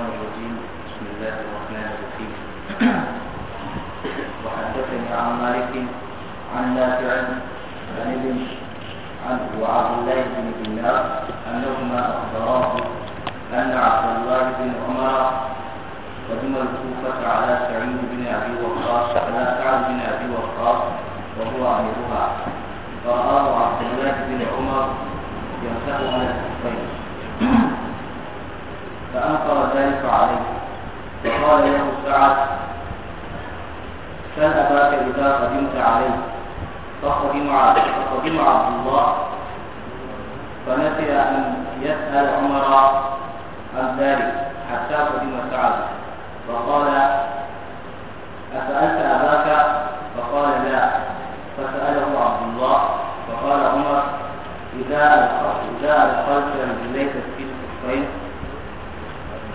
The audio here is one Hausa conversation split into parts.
الشيطان الرجيم بسم الله الرحمن الرحيم وحدثني عن مالك عن نافع عن ابن عن وعبد الله بن دينار انهما اخبراه ان عبد الله بن عمر قدم الكوفة على سعيد بن أبي وقاص على سعد بن أبي وقاص وهو أميرها فرآه عبد الله بن عمر يمسح على فقال له سعد كان أباك إذا قدمت عليه فقدم عبد الله فنسي أن يسأل عمر عن ذلك حتى قدم سعد فقال أسألت أباك فقال لا فسأله عبد الله فقال عمر إذا إذا أدخلت رجليك في الصفين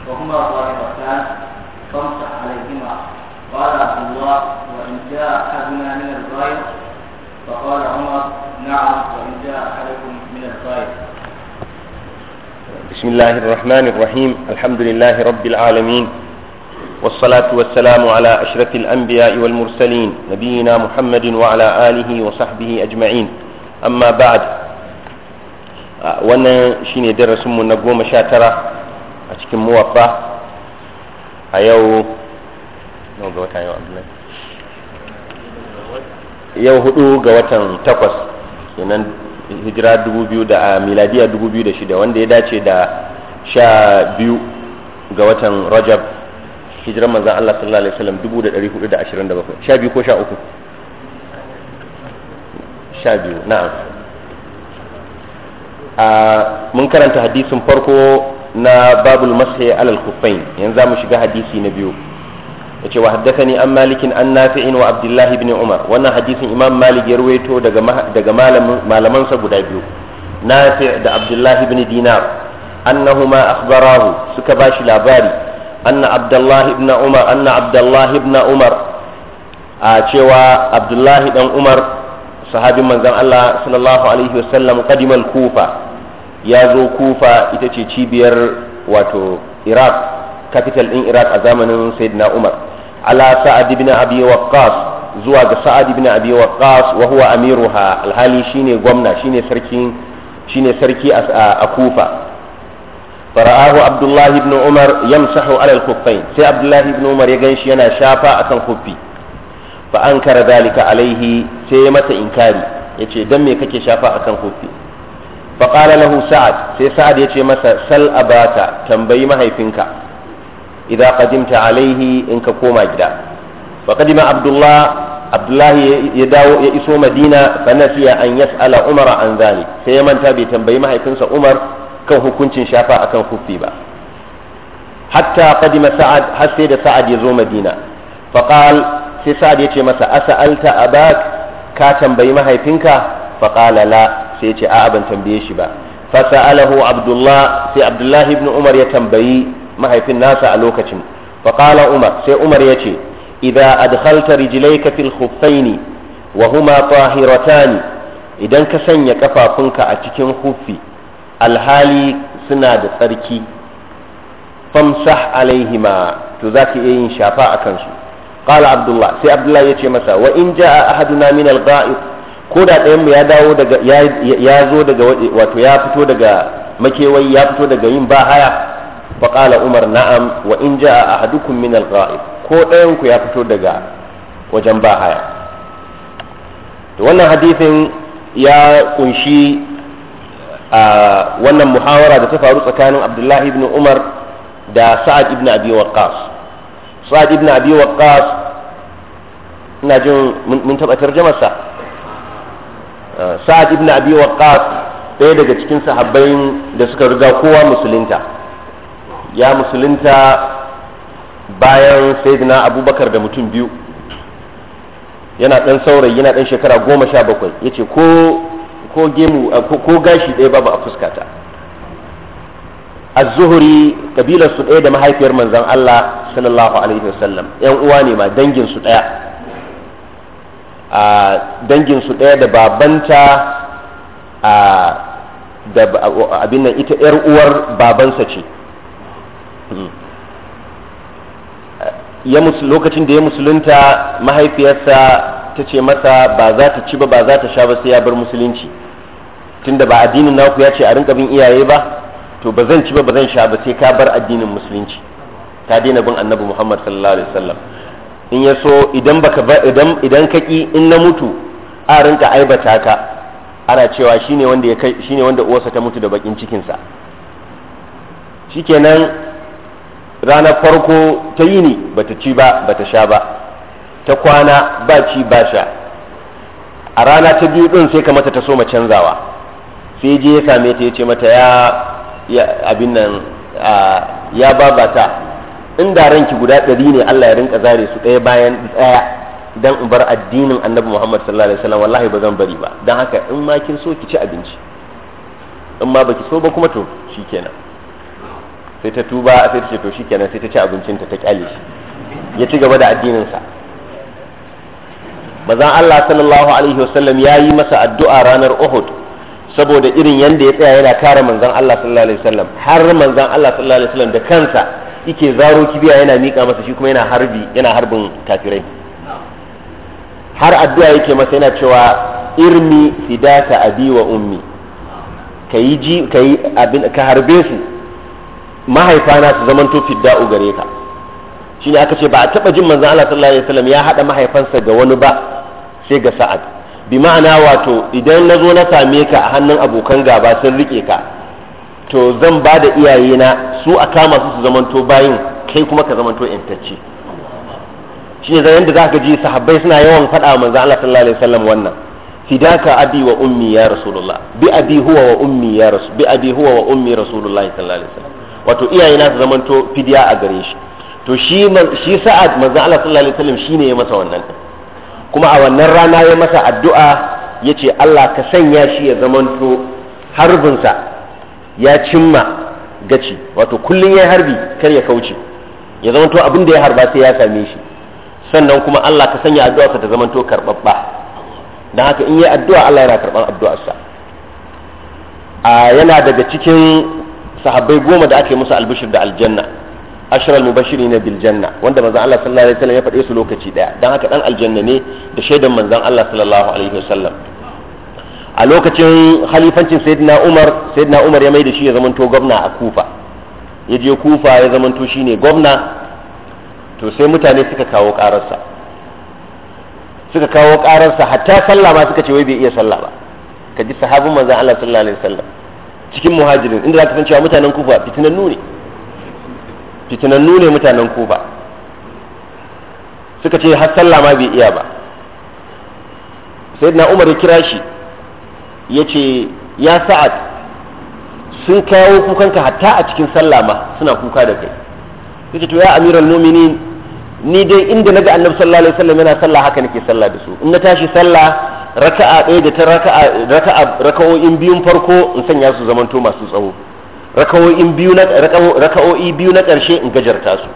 وهما طائرتان فامسح عليهما قال عبد الله وإن جاء أحدنا من الغائط فقال عمر نعم وإن جاء أحدكم من الغائط بسم الله الرحمن الرحيم الحمد لله رب العالمين والصلاة والسلام على أشرف الأنبياء والمرسلين نبينا محمد وعلى آله وصحبه أجمعين أما بعد آه، وانا شيني درس من نقوم شاترة أتكم موفا a yau ga watan yau yau hudu ga watan takwas kenan hijira dubu biyu da a miladiya dubu biyu da shida wanda ya dace da sha biyu ga watan rajab hijirar manzan Allah sallallahu alaihi wasallam dubu da dari hudu da ashirin da bakwai sha biyu ko sha uku sha biyu na'am mun karanta hadisin farko na babul mashi alal kufain yanzu mu shiga hadisi na biyu yace wa haddathani an malikin an nafi'in wa abdullah ibn umar wannan hadisin imam malik ya ruwaito daga malamansa guda biyu nafi' da abdullah ibn dinar annahuma akhbarahu suka bashi labari anna abdullah ibn umar anna abdullah ibn umar a cewa abdullah dan umar sahabin manzon Allah sallallahu alaihi wasallam qadimal kufa ya zo kufa ita ce cibiyar wato iraq capital din iraq a zamanin sayyidina umar ala sa'ad ibn abi waqqas zuwa ga sa'ad ibn abi waqqas wa huwa amiruha alhali shine gwamna shine sarki shine sarki a kufa fara'ahu abdullahi ibn umar yamsahu ala al-khuffain sai abdullahi ibn umar ya ganshi yana shafa akan khuffi fa ankara dalika alaihi sai ya inkari yace dan me kake shafa akan khuffi faƙala lahu sa'ad sai sa'ad ya ce masa sal abata tambayi mahaifinka idan qadimta alaihi in ka koma gida fa qadima abdullahi ya dawo ya iso madina fa nasiya an yas'ala umar an zani sai ya manta bai tambayi mahaifinsa umar kan hukuncin shafa akan kuffi ba hatta qadima sa'ad har sai da sa'ad ya zo madina fa sai sa'ad ya ce masa as'alta abak ka tambayi mahaifinka fa la sai ce a ban tambaye shi ba fa sa'alahu abdullah sai abdullah ibn umar ya tambayi mahaifin nasa a lokacin fa qala umar sai umar ya ce idza adkhalta rijlayka fil khuffaini wa huma tahiratan idan ka sanya kafafunka a cikin huffi alhali suna da tsarki famsah alaihima to za ka iya yin shafa a kansu qala abdullah sai abdullah ya ce masa wa in jaa ahaduna min al-gha'ib ko da ɗayan mu ya dawo daga ya zo daga wato ya fito daga makewayi ya fito daga yin bahaya haya fa qala umar na'am wa in jaa ahadukum min al-gha'ib ko ɗayan ku ya fito daga wajen ba haya to wannan hadisin ya kunshi a wannan muhawara da ta faru tsakanin Abdullahi ibn Umar da Sa'ad ibn Abi Waqqas Sa'ad ibn Abi Waqqas ina jin mun taba tarjamarsa sa'ad ibn abi waqqas ɗaya daga cikin sahabbai da suka riga kowa musulunta ya musulunta bayan sayyidina abubakar da mutum biyu yana ɗan saurayi yana ɗan shekara goma sha bakwai ya ce ko gashi ɗaya babu a fuskata az-zuhri kabilar su ɗaya da mahaifiyar manzan Allah sallallahu alaihi wasallam yan uwa ne ma dangin su ɗaya a danginsu ɗaya da babanta a da abin nan ita 'yar uwar babansa ce hmm. lokacin da ya musulunta mahaifiyarsa ta ce masa ba za ta ci ba ba za ta sha ba sai ya bar musulunci tunda ba addinin naku ya ce a rinka bin iyaye ba to ba zan ci ba ba zan sha ba sai ka bar addinin musulunci ta daina bin annabi muhammad sallallahu alaihi wasallam in ya so idan baka idan idan ka ki in na mutu a rinka aibata ka ana cewa shine wanda ya kai shine wanda uwarsa ta mutu da bakin cikin sa shikenan rana farko ta yini bata ci ba bata sha ba ta kwana ba ci ba sha a rana ta biyu din sai ka mata ta so ma canzawa sai je ya same ta ya ce mata ya abin nan ya babata in da ranki guda ɗari ne Allah ya rinka zare su ɗaya bayan ɗaya dan in bar addinin annabi Muhammad sallallahu alaihi wasallam wallahi ba zan bari ba dan haka in ma kin so ki ci abinci in ma baki so ba kuma to shikenan sai ta tuba sai ta ce to shikenan sai ta ci abincin ta ta kyale shi ya ci gaba da addinin sa bazan Allah sallallahu alaihi wasallam ya yi masa addu'a ranar Uhud saboda irin yanda ya tsaya yana kare manzon Allah sallallahu alaihi wasallam har manzon Allah sallallahu alaihi wasallam da kansa yake zaro kibiya yana mika masa shi kuma yana harbi yana harbin kafirai har addu'a yake masa yana cewa irmi fidata abi wa ummi ka ji abin ka harbe su mahaifana su zamanto fidda'u gare ka shine aka ce ba a taba jin manzon Allah sallallahu alaihi wasallam ya hada mahaifansa ga wani ba sai ga sa'ad bi ma'ana wato idan nazo na same ka a hannun abokan gaba sun rike ka to zan ba da iyayena su a kama su su zamanto bayin kai kuma ka zamanto intacce shi ne yadda za ka ji sahabbai suna yawan faɗa wa manzan Allah sallallahu alaihi wasallam wannan fidaka abi wa ummi ya rasulullah bi abi huwa wa ummi ya rasul bi abi huwa wa ummi rasulullah sallallahu alaihi wasallam wato iyayena su zamanto fidiya a gare shi to shi shi sa'ad manzan Allah sallallahu alaihi wasallam shine ya masa wannan kuma a wannan rana ya masa addu'a yace Allah ka sanya shi ya zamanto harbinsa ya cimma gaci wato kullum ya harbi kar ya kauce ya to abin da ya harba sai ya same shi sannan kuma Allah ka sanya addu'a ka ta to karbabba dan haka in yi addu'a Allah yana addu'ar sa a yana daga cikin sahabbai goma da ake musu albishir da aljanna ashral mubashiri na biljanna wanda manzon Allah sallallahu alaihi wasallam ya faɗe su lokaci daya dan haka dan aljanna ne da shaidan manzon Allah sallallahu alaihi wasallam a lokacin halifancin sayyidina umar sayyidina umar ya mai da shi ya zamanto gwamna a kufa ya je kufa ya zamanto ne gwamna to sai mutane suka kawo ƙararsa suka kawo ƙararsa hatta sallah ma suka ce wai bai iya sallah ba ka ji sahabin manzon Allah sallallahu alaihi wasallam cikin muhajirin inda za ka san cewa mutanen kufa fitinannu ne fitinannu ne mutanen kufa suka ce har sallah ma bai iya ba sayyidina umar ya kira shi ya ce ya sa'ad sun kawo kukanka hatta a cikin sallah suna kuka da kai ce to ya amiral mu'minin ni dai inda na ga annabi sallallahu alaihi wasallam yana sallah haka nake sallah da su in na tashi sallah raka'a ɗaya da ta raka'a raka'o'in biyun farko in sanya su zamanto masu tsawo raka'o'in biyu na raka'o'i biyu na ƙarshe in gajarta su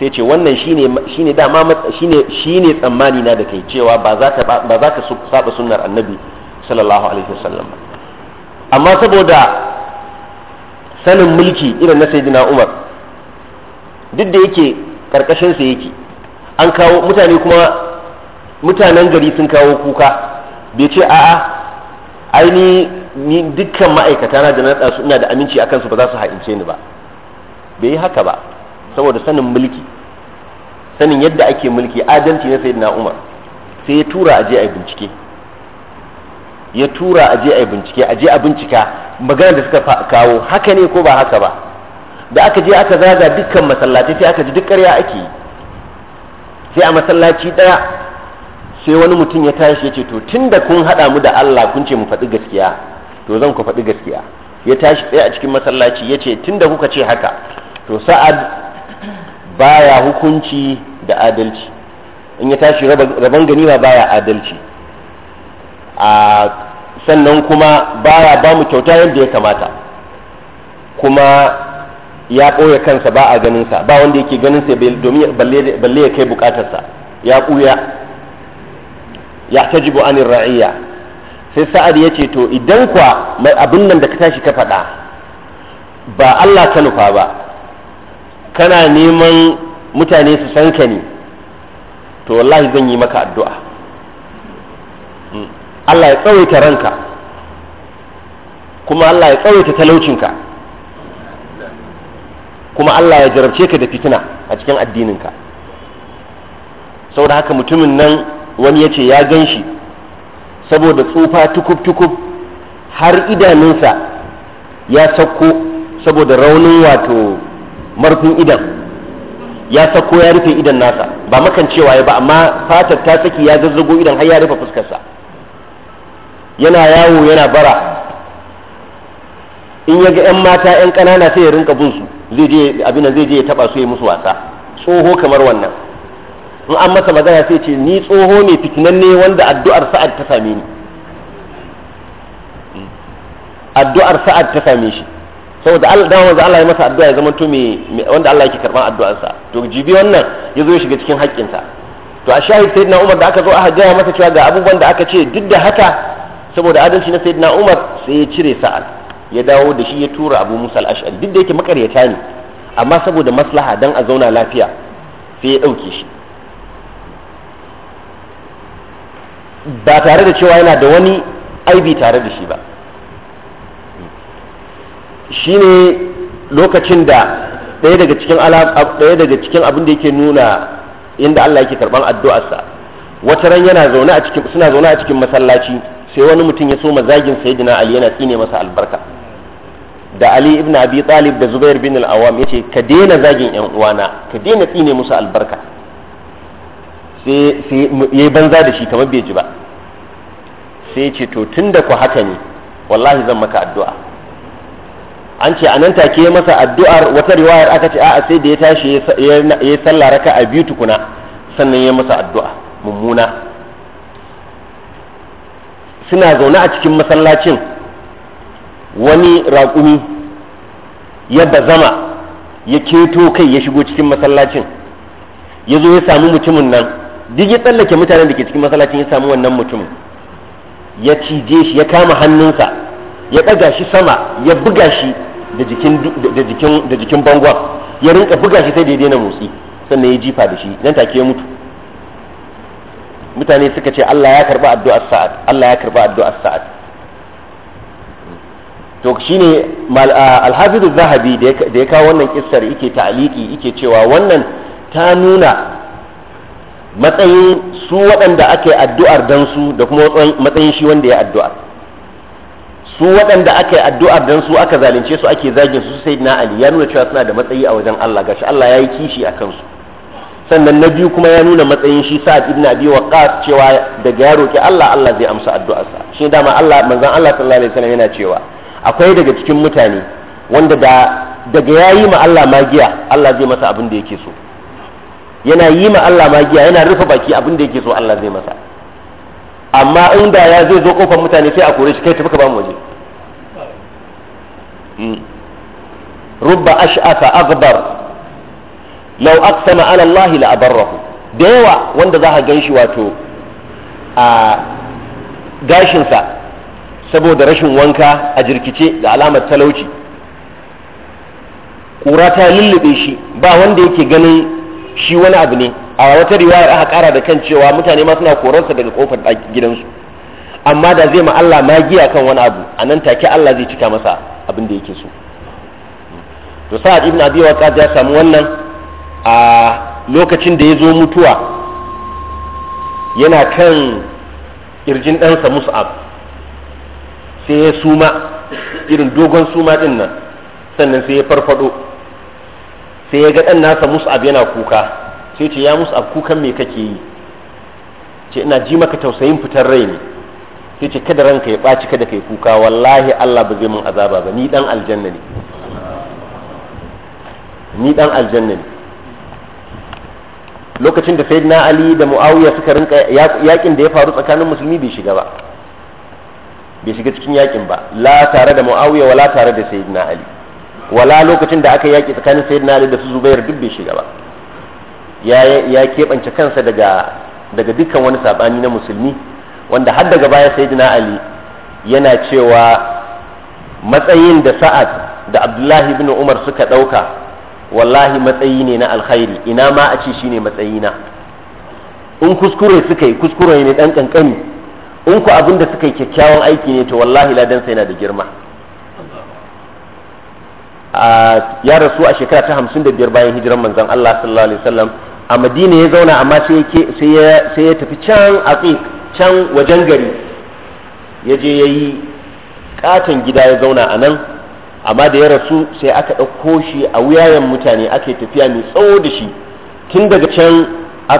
sai ce wannan shine shine tsammani na da kai cewa ba za ka ba za ka saba sunnar annabi sallallahu alaihi wasallam amma saboda sanin mulki irin na sayyidina Umar duk da yake karkashin sa yake an kawo mutane kuma mutanen gari sun kawo kuka bai ce a'a aini ni dukkan ma'aikata na da na su ina da aminci akan su ba za su haince ni ba bai yi haka ba saboda sanin mulki sanin yadda ake mulki adalci na sayyidina Umar sai ya tura a je a bincike ya tura a je a yi bincike a je a bincika magana da suka kawo haka ne ko ba haka ba da aka je aka zaga dukkan masallaci sai aka ji duk ƙarya ake yi sai a masallaci ɗaya sai wani mutum ya tashi ya ce to tun da kun haɗa mu da Allah kun ce mu faɗi gaskiya to zan ku faɗi gaskiya ya tashi tsaye a cikin masallaci ya ce tun da kuka ce haka to sa'ad baya hukunci da adalci in ya tashi raban ganima baya adalci a sannan kuma baya ba mu kyauta yadda ya kamata kuma ya ɓoye kansa ba a ganinsa ba wanda yake ganinsa domin balle ya kai bukatarsa ya ƙuya ya jibo anin ra'ayya sai sa'ad ya ce to idan kwa mai abin nan da ka tashi ka faɗa ba Allah ka nufa ba kana neman mutane su san ka ne to wallahi zan yi maka addu'a Allah ya tsawaita ranka kuma Allah ya tsawaita talaucinka kuma Allah ya jarabce ka da fitina a cikin addininka saboda haka mutumin nan wani ya ce ya gan shi saboda tsufa tukub-tukub har idanunsa ya sauko saboda raunin wato marfin idan ya sako ya rufe idan nasa ba makan cewa ya ba amma fatar ta saki ya zazzago idan har ya rufe fuskarsa yana yawo yana bara in ya ga 'yan mata 'yan ƙanana sai ya rinka bin su zai je abin zai je ya taba su ya musu wasa tsoho kamar wannan in an masa magana sai ce ni tsoho ne ne wanda addu'ar sa'ad ta same ni addu'ar sa'ad ta same shi saboda Allah da wanda Allah ya masa addu'a ya zama to me wanda Allah yake karban addu'arsa to jibi wannan ya zo ya shiga cikin haƙƙinsa to a shahid sayyidina Umar da aka zo aka gaya masa cewa ga abubuwan da aka ce duk da haka saboda adalci na sayyidina umar sai ya cire sa'ad ya dawo da shi ya tura abu musa al-ash'ari duk da yake makaryata ne amma saboda maslaha dan a zauna lafiya sai ya ɗauke shi ba tare da cewa yana da wani aibi tare da shi ba shine lokacin da ɗaya daga cikin ɗaya daga cikin abin da yake nuna inda Allah yake karban addu'arsa wata ran yana zaune a cikin suna zaune a cikin masallaci sai wani mutum ya so zagin sayyidina ali yana tsine masa albarka da ali ibn abi talib da zubair bin al-awam yace ka daina zagin yan uwana ka daina tsine musu albarka sai sai yayi banza da shi kamar bai ji ba sai ce to tunda ku haka ne wallahi zan maka addu'a an ce a nan take ya masa addu'ar wata riwayar aka ce a'a sai da ya tashi ya sallah raka'a biyu tukuna sannan ya masa addu'a mummuna suna zaune a cikin masallacin wani raƙumi ya bazama ya keto kai ya shigo cikin masallacin ya zo ya samu mutumin nan duk ya tsallake mutanen da ke cikin masallacin ya samu wannan mutumin ya cije shi ya kama hannunsa ya ɗaga shi sama ya buga shi da jikin bangon ya rinka buga shi sai da ya daina motsi sannan ya jifa da shi nan take ya mutu mutane suka ce Allah ya karba addu'ar sa'ad Allah ya karba addu'ar sa'ad to shine al-hafiz zahabi da ya kawo wannan kissar yake ta'aliki yake cewa wannan ta nuna matsayin su waɗanda aka yi addu'ar dan su da kuma matsayin shi wanda ya addu'ar su waɗanda aka yi addu'ar dan su aka zalunce su ake zagin su sai na ali ya nuna cewa suna da matsayi a wajen Allah gashi Allah ya yi kishi a kansu sannan na biyu kuma ya nuna matsayin shi sa'ad ibn abi waqas cewa daga ya roki Allah Allah zai amsa addu'arsa shi dama Allah manzon Allah sallallahu alaihi wasallam yana cewa akwai daga cikin mutane wanda da daga yayi ma Allah magiya Allah zai masa abin da yake so yana yi ma Allah magiya yana rufe baki abin da yake so Allah zai masa amma inda ya zai zo kofar mutane sai a kore shi kai tafi ka ba mu waje hmm. rubba ash'asa aghbar lau aqsama ala Allah la abarrahu da yawa wanda za ka ganshi wato a gashinsa saboda rashin wanka a jirkice da alamar talauci kura ta lullube shi ba wanda yake ganin shi wani abu ne a wata riwaya aka kara da kan cewa mutane ma suna korarsa daga kofar gidansu amma da zai ma Allah magiya kan wani abu a nan take Allah zai cika masa abin da yake so to sa'ad ibn abi waqas ya samu wannan a lokacin da ya zo mutuwa yana kan irjin ɗansa mus'ab sai ya suma irin dogon suma ɗin nan sannan sai ya farfado sai ya ga ɗan nasa mus'ab yana kuka sai ce ya mus'ab kukan me kake yi ce ina ji maka tausayin fitar rai ne sai ce kada ranka ya ɓaci kada kai kuka wallahi Allah ba zai mun azaba ba ni dan aljanna ne ni ɗan aljanna ne lokacin da sayyidina ali da muawiya suka rinka yakin da ya faru tsakanin musulmi bai shiga ba bai shiga cikin yakin ba la tare da muawiya wala tare da sayyidina ali wala lokacin da aka yaki tsakanin sayyidina ali da su zubair duk bai shiga ba ya ya keɓance kansa daga daga dukkan wani sabani na musulmi wanda har daga baya sayyidina ali yana cewa matsayin da sa'ad da abdullahi ibn umar suka ɗauka wallahi matsayi ne na alkhairi ina ma a ce shine matsayina in kuskure suka yi kuskure ne dan kankani in ku abin da suka yi kyakkyawan aiki ne to wallahi ladan sai yana da girma ya rasu a shekara ta hamsin da biyar bayan hijiran manzon Allah sallallahu alaihi wasallam a Madina ya zauna amma sai ya sai ya tafi can can wajen gari ya je yayi katon gida ya zauna a nan amma da ya rasu sai aka ɗauko shi a wuyayen mutane ake tafiya mai tsawo da shi tun daga can a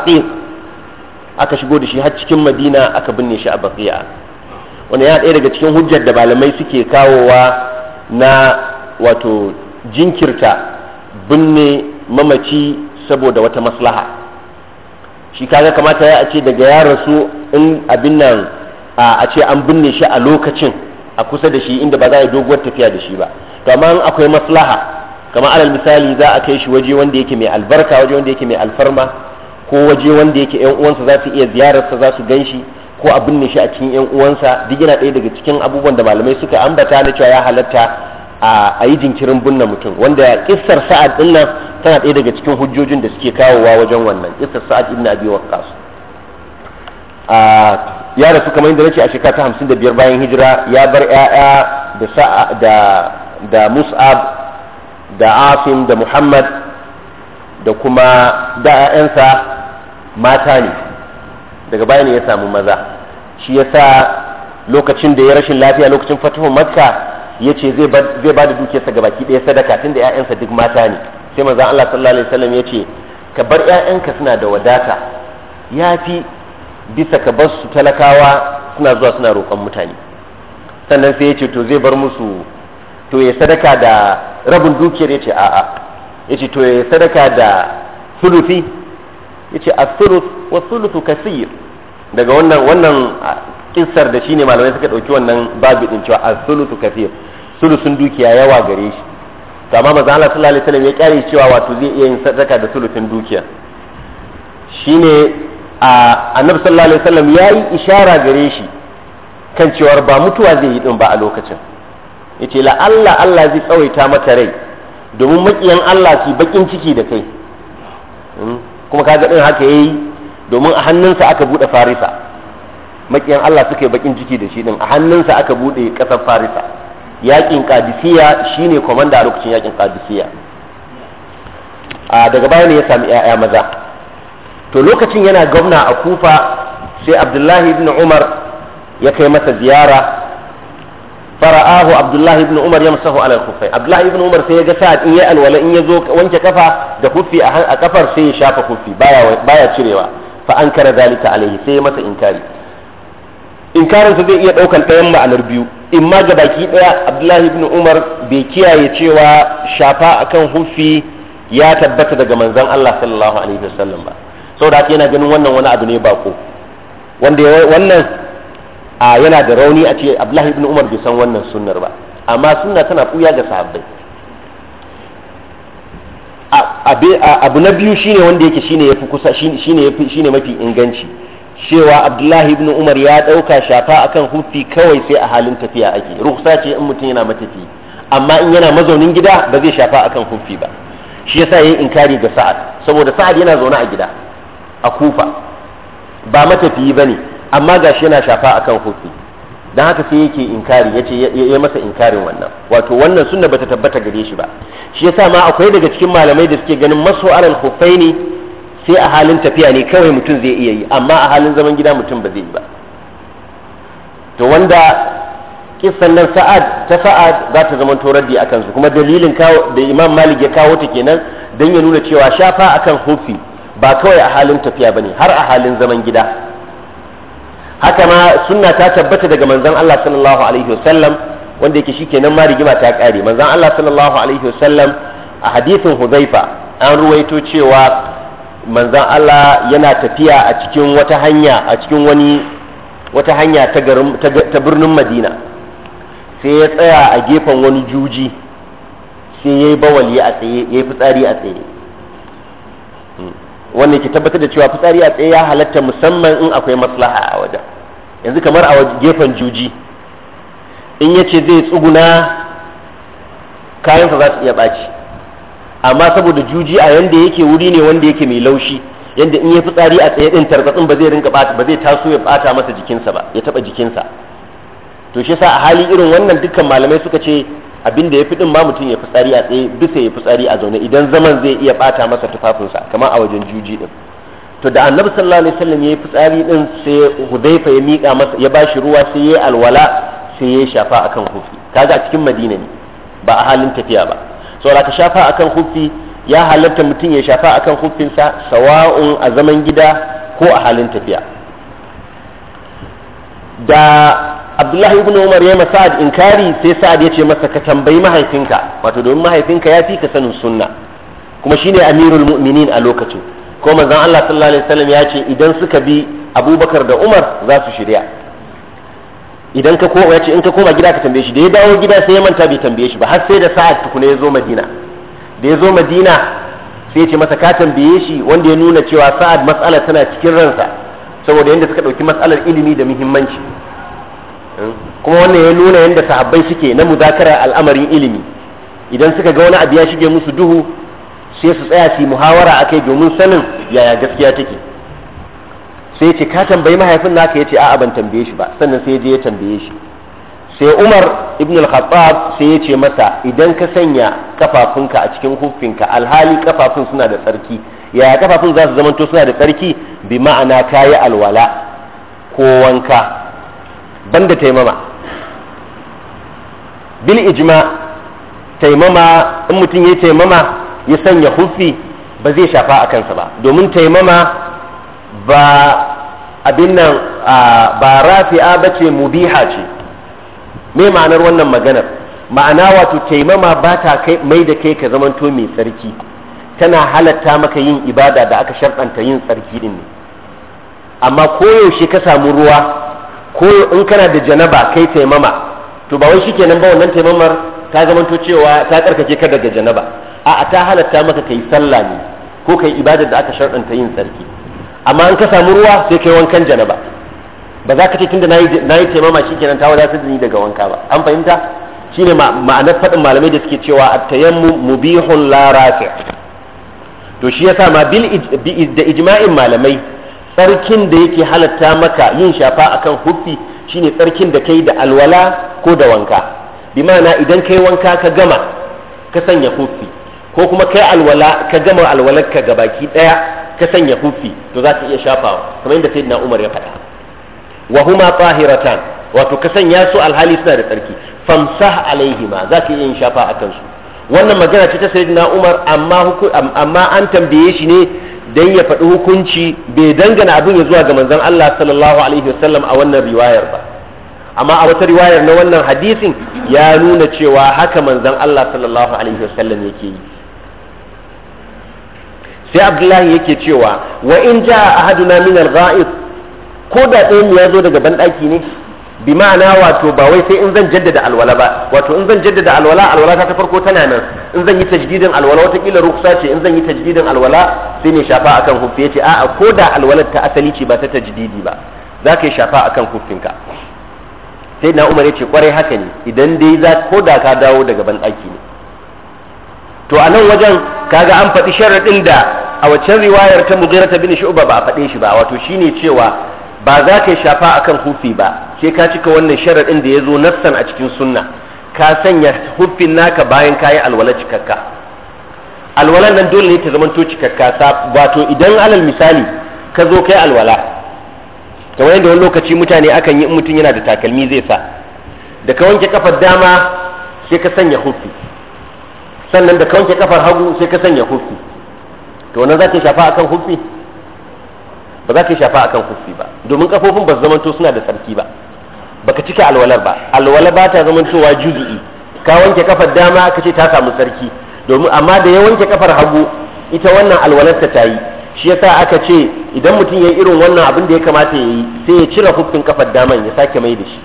aka shigo da shi har cikin madina aka binne shi a baqiya wanda yana ɗaya daga cikin hujjar da malamai suke kawowa na wato jinkirta binne mamaci saboda wata maslaha shi kaga kamata ya a ce daga ya rasu in abin nan a ce an binne shi a lokacin a kusa da shi inda ba za a doguwar tafiya da shi ba to amma akwai maslaha kamar alal misali za a kai shi waje wanda yake mai albarka waje wanda yake mai alfarma ko waje wanda yake yan uwansa za su iya ziyararsa za su gan shi ko a binne shi a cikin yan uwansa duk yana ɗaya daga cikin abubuwan da malamai suka ambata na cewa ya halatta a yi jinkirin binne mutum wanda kissar sa'ad din nan tana ɗaya daga cikin hujjojin da suke kawowa wajen wannan kissar sa'ad ibn abi waqqas ya rasu kamar yadda nace a shekara ta hamsin da biyar bayan hijira ya bar ‘ya'ya da sa'a da da mus'ab da asim da muhammad da kuma da ‘ya'yansa mata ne daga baya ne ya samu maza shi ya sa lokacin da ya rashin lafiya lokacin fatihun makka ya ce zai ba da dukiyarsa ga baki ɗaya sadaka tun da ‘ya'yansa duk mata ne sai maza allah sallallahu alaihi wasallam ya ce ka bar ‘ya'yanka suna da wadata ya fi bisa ka bar su talakawa suna zuwa suna roƙon mutane sannan sai ya ce to zai bar musu to ya sadaka da rabin dukiyar ya ce a'a ya ce to ya sadaka da sulufi ya ce a sulus wa ka kasir daga wannan wannan kissar da shine malamai suka ɗauki wannan babu ɗin cewa as ka kasir sulufin dukiya yawa gare shi to amma maza Allah sallallahu alaihi wasallam ya kyare cewa wato zai iya yin sadaka da sulufin dukiya shine a annabi sallallahu alaihi wasallam ya yi ishara gare shi kan cewar ba mutuwa zai yi din ba a lokacin yace la Allah Allah zai tsawaita maka rai domin makiyan Allah su bakin ciki da kai hmm? kuma kaga din haka yayi domin a hannunsa aka bude farisa makiyan Allah suka yi bakin ciki da shi din a hannunsa aka bude kasar farisa yakin kadisiya shine komanda a lokacin yakin kadisiya a daga baya ne ya sami 'ya'ya maza to lokacin yana gwamna a kufa sai abdullahi ibn umar ya kai masa ziyara fara'ahu abdullahi ibn umar ya masahu ala kufai abdullahi ibn umar sai ya ga sa'ad in ya alwala in ya zo wanke kafa da kufi a kafar sai ya shafa kufi baya cirewa fa an kara zalika alaihi sai ya masa inkari inkarin sa zai iya daukan ɗayan ma'anar biyu in ma ga baki ɗaya abdullahi ibn umar bai kiyaye cewa shafa akan hufi ya tabbata daga manzon Allah sallallahu alaihi wasallam ba saboda haka yana ganin wannan wani abu ne bako wanda wannan a yana da rauni a ce abdullahi ibn umar bai san wannan sunnar ba amma sunna tana kuya ga sahabbai abu na biyu shine wanda yake shine yafi kusa shine shine mafi inganci cewa abdullahi ibn umar ya dauka shafa akan hufi kawai sai a halin tafiya ake ruksa ce in mutum yana matafi amma in yana mazaunin gida ba zai shafa akan hufi ba shi yasa yayi inkari ga sa'ad saboda sa'ad yana zaune a gida a kufa ba matafiyi ba ne amma gashi yana shafa akan hufi don haka sai yake inkari ya ce ya masa inkarin wannan wato wannan sunna bata tabbata gare shi ba shi yasa ma akwai daga cikin malamai da suke ganin maso alal hufai ne sai a halin tafiya ne kawai mutum zai iya yi amma a halin zaman gida mutum ba zai yi ba to wanda kisan nan sa'ad ta sa'ad za ta zama toraddi akan su kuma dalilin kawo da imam malik ya kawo ta kenan dan ya nuna cewa shafa akan hufi ba kawai a halin tafiya bane har a halin zaman gida haka ma sunna ta tabbata daga manzon Allah sallallahu alaihi wasallam wanda yake shikenan ma rigima ta kare manzon Allah sallallahu alaihi wasallam a hadisin Huzaifa an ruwaito cewa manzon Allah yana tafiya a cikin wata hanya a cikin wani wata hanya ta garin ta birnin Madina sai ya tsaya a gefen wani juji sai yayi bawali a tsaye yayi fitsari a tsaye hmm. wannan ke tabbatar da cewa fitsari a tsaye ya halatta musamman in akwai maslaha a wajen yanzu kamar a gefen juji in ya zai tsuguna kayansa za su iya ɓaci amma saboda juji a yanda yake wuri ne wanda yake mai laushi yanda in ya fitsari a tsaye din tarkatsin ba zai rinka ba zai taso ya bata masa jikinsa ba ya taba jikinsa to shi yasa a hali irin wannan dukkan malamai suka ce abin da ya fi din ma mutum ya fitsari a tsaye bisa ya fitsari a zaune idan zaman zai iya bata masa tufafinsa kamar a wajen juji din to da annabi sallallahu alaihi wasallam ya yi fitsari din sai hudaifa ya mika masa ya bashi ruwa sai ya alwala sai ya shafa akan hufi kaga a cikin madina ne ba a halin tafiya ba saboda ka shafa akan hufi ya halatta mutum ya shafa akan hufinsa sawa'un a zaman gida ko a halin tafiya da abdullahi ibn umar ya masa sa'ad inkari sai sa'ad ya ce masa ka tambayi mahaifinka wato domin mahaifinka ya fi ka sanin sunna kuma shine amirul mu'minin a lokacin ko manzon Allah sallallahu alaihi wasallam ya ce idan suka bi abubakar da umar za su shirya idan ka koma ya ce in ka koma gida ka tambaye shi da ya dawo gida sai ya manta bai tambaye shi ba har sai da sa'ad tukuna ya zo madina da ya zo madina sai ya ce masa ka tambaye shi wanda ya nuna cewa sa'ad mas'ala tana cikin ransa saboda yadda suka ɗauki matsalar ilimi da muhimmanci kuma wannan ya nuna yadda sahabbai suke na muzakara al'amarin ilimi idan suka ga wani abu ya shige musu duhu sai su tsaya su muhawara a kai domin sanin yaya gaskiya take sai ce ka tambayi mahaifin naka ce a'a ban tambaye shi ba sannan sai je ya tambaye shi sai Umar ibn al-Khattab sai ya ce masa idan ka sanya kafafunka a cikin huffinka alhali kafafun suna da tsarki yaya kafafun za su zamanto suna da tsarki bi ma'ana kayi alwala ko wanka banda taimama bil ijma taimama in mutum ya taimama ya sanya hufi ba zai shafa a kansa ba domin taimama ba abin nan ba rafi'a ba ce mubiha ce me ma'anar wannan maganar ma'ana wato taimama ba ta mai da kai ka zamanto mai tsarki tana halatta maka yin ibada da aka sharɗanta yin tsarki din ne amma koyaushe ka samu ruwa ko in kana da janaba kai taimama to ba wai shikenan ba wannan taimamar ta zamanto cewa ta tsarkake ka daga janaba a'a ta halatta maka kai sallah ne ko kai ibadar da aka sharɗanta yin sarki amma in ka samu ruwa sai kai wankan janaba ba za ka ce tunda nayi taimama shikenan ta wadatar da ni daga wanka ba an fahimta shine ma'anar faɗin malamai da suke cewa at-tayammum mubihun la rafi' to shi yasa ma bil da ijma'in malamai tsarkin da yake halatta maka yin shafa akan huffi shine tsarkin da kai da alwala ko da wanka bi mana idan kai wanka ka gama ka sanya huffi ko kuma kai alwala ka gama alwalar ka gabaki daya ka sanya huffi to za ka iya shafawa kamar yadda sayyidina Umar ya faɗa wa huma tahiratan wato ka sanya su alhali suna da tsarki famsah alaihima za ka iya yin shafa akan su wannan magana ce ta sayyidina Umar amma amma an tambaye shi ne dan ya faɗi hukunci bai dangana abin ya zuwa ga manzon Allah sallallahu alaihi wasallam a wannan riwayar ba amma a wata riwayar na wannan hadisin ya nuna cewa haka manzon Allah sallallahu alaihi wasallam yake yi sai Abdullahi yake cewa wa in jaa ahaduna min al-gha'ib ko da ɗayan ya zo daga banɗaki ne bi ma'ana wato ba wai sai in zan jaddada alwala ba wato in zan jaddada alwala alwala ta farko tana nan in zan yi tajdidin alwala kila ruksa ce in zan yi tajdidin alwala sai ne shafa akan hufi yace a'a ko da alwalar ta asali ce ba ta tajdidi ba za ka yi shafa akan hufinka sai na umar yace kwarai haka ne idan dai za ko da ka dawo daga ban ne to a nan wajen kaga an faɗi sharaɗin da a waccan riwayar ta ta bin shu'ba ba a faɗe shi ba wato shine cewa ba za ka yi shafa akan hufi ba sai ka cika wannan sharaɗin da ya zo nassan a cikin sunna ka sanya huffin naka bayan kayi alwala cikakka alwalan nan dole ne ta zamanto cikakka wato idan alal misali ka zo kai alwala kamar yadda wani lokaci mutane akan yi in mutum yana da takalmi zai sa da ka wanke kafar dama sai ka sanya huffi sannan da ka wanke kafar hagu sai ka sanya huffi to wannan za ta shafa akan huffi ba za ka yi shafa akan kufi ba domin kafofin ba su zamanto suna da tsarki ba baka cika alwalar ba alwala ba ta zamantowa juzu'i ka wanke kafar dama ka ce ta samu tsarki domin amma da ya wanke kafar hagu ita wannan alwalar ta tayi shi yasa aka ce idan mutum ya yi irin wannan abin da ya kamata ya yi sai ya cire hufin kafar daman ya sake mai da shi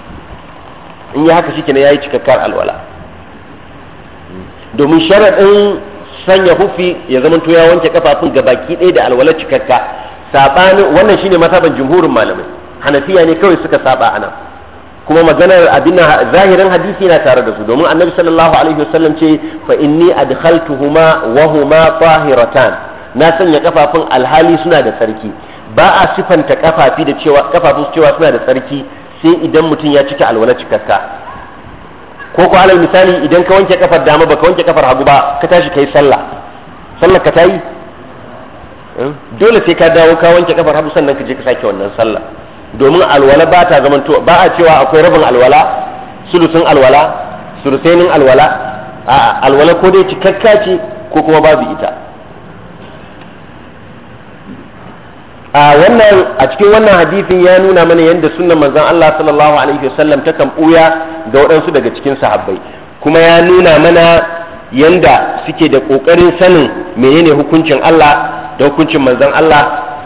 in ya haka shikenan yi cikakkar alwala domin sharaɗin sanya hufi ya zamanto ya wanke kafafun baki ɗaya da alwala cikakka sabanin wannan shine mazhaban jumhurin malamai hanafiya ne kawai suka saba ana kuma maganar abin zahirin hadisi na tare da su domin annabi sallallahu alaihi wasallam ce fa inni adkhaltuhuma wa huma tahiratan na sanya kafafun alhali suna da tsarki ba a sifanta kafafi da cewa kafafun cewa suna da tsarki sai idan mutum ya cika alwala cikakka ko ko alal misali idan ka wanke kafar dama baka wanke kafar hagu ba ka tashi kai sallah sallar ka tayi dole sai ka dawo ka wanke kafar hagu sannan ka je ka sake wannan sallah domin alwala ba ta zaman to ba a cewa akwai rabin alwala sulusun alwala sulusainin alwala a alwala ko dai cikakka ce ko kuma babu ita a wannan a cikin wannan hadisin ya nuna mana yadda sunnan manzon Allah sallallahu alaihi wasallam ta kan buya ga waɗansu daga cikin sahabbai kuma ya nuna mana yanda suke da ƙoƙarin sanin menene hukuncin Allah da hukuncin manzon Allah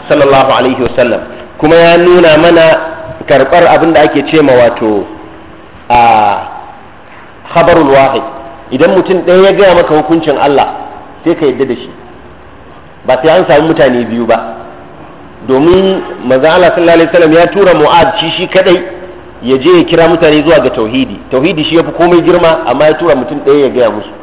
sallallahu alaihi wasallam kuma ya nuna mana karbar abin da ake ce ma wato a khabarul wahid idan mutum ɗaya ya gaya maka hukuncin Allah sai ka yadda da shi ba sai an sami mutane biyu ba domin manzon Allah sallallahu alaihi wasallam ya tura mu'ad shi shi kadai ya je ya kira mutane zuwa ga tauhidi tauhidi shi yafi komai girma amma ya tura mutum ɗaya ya gaya musu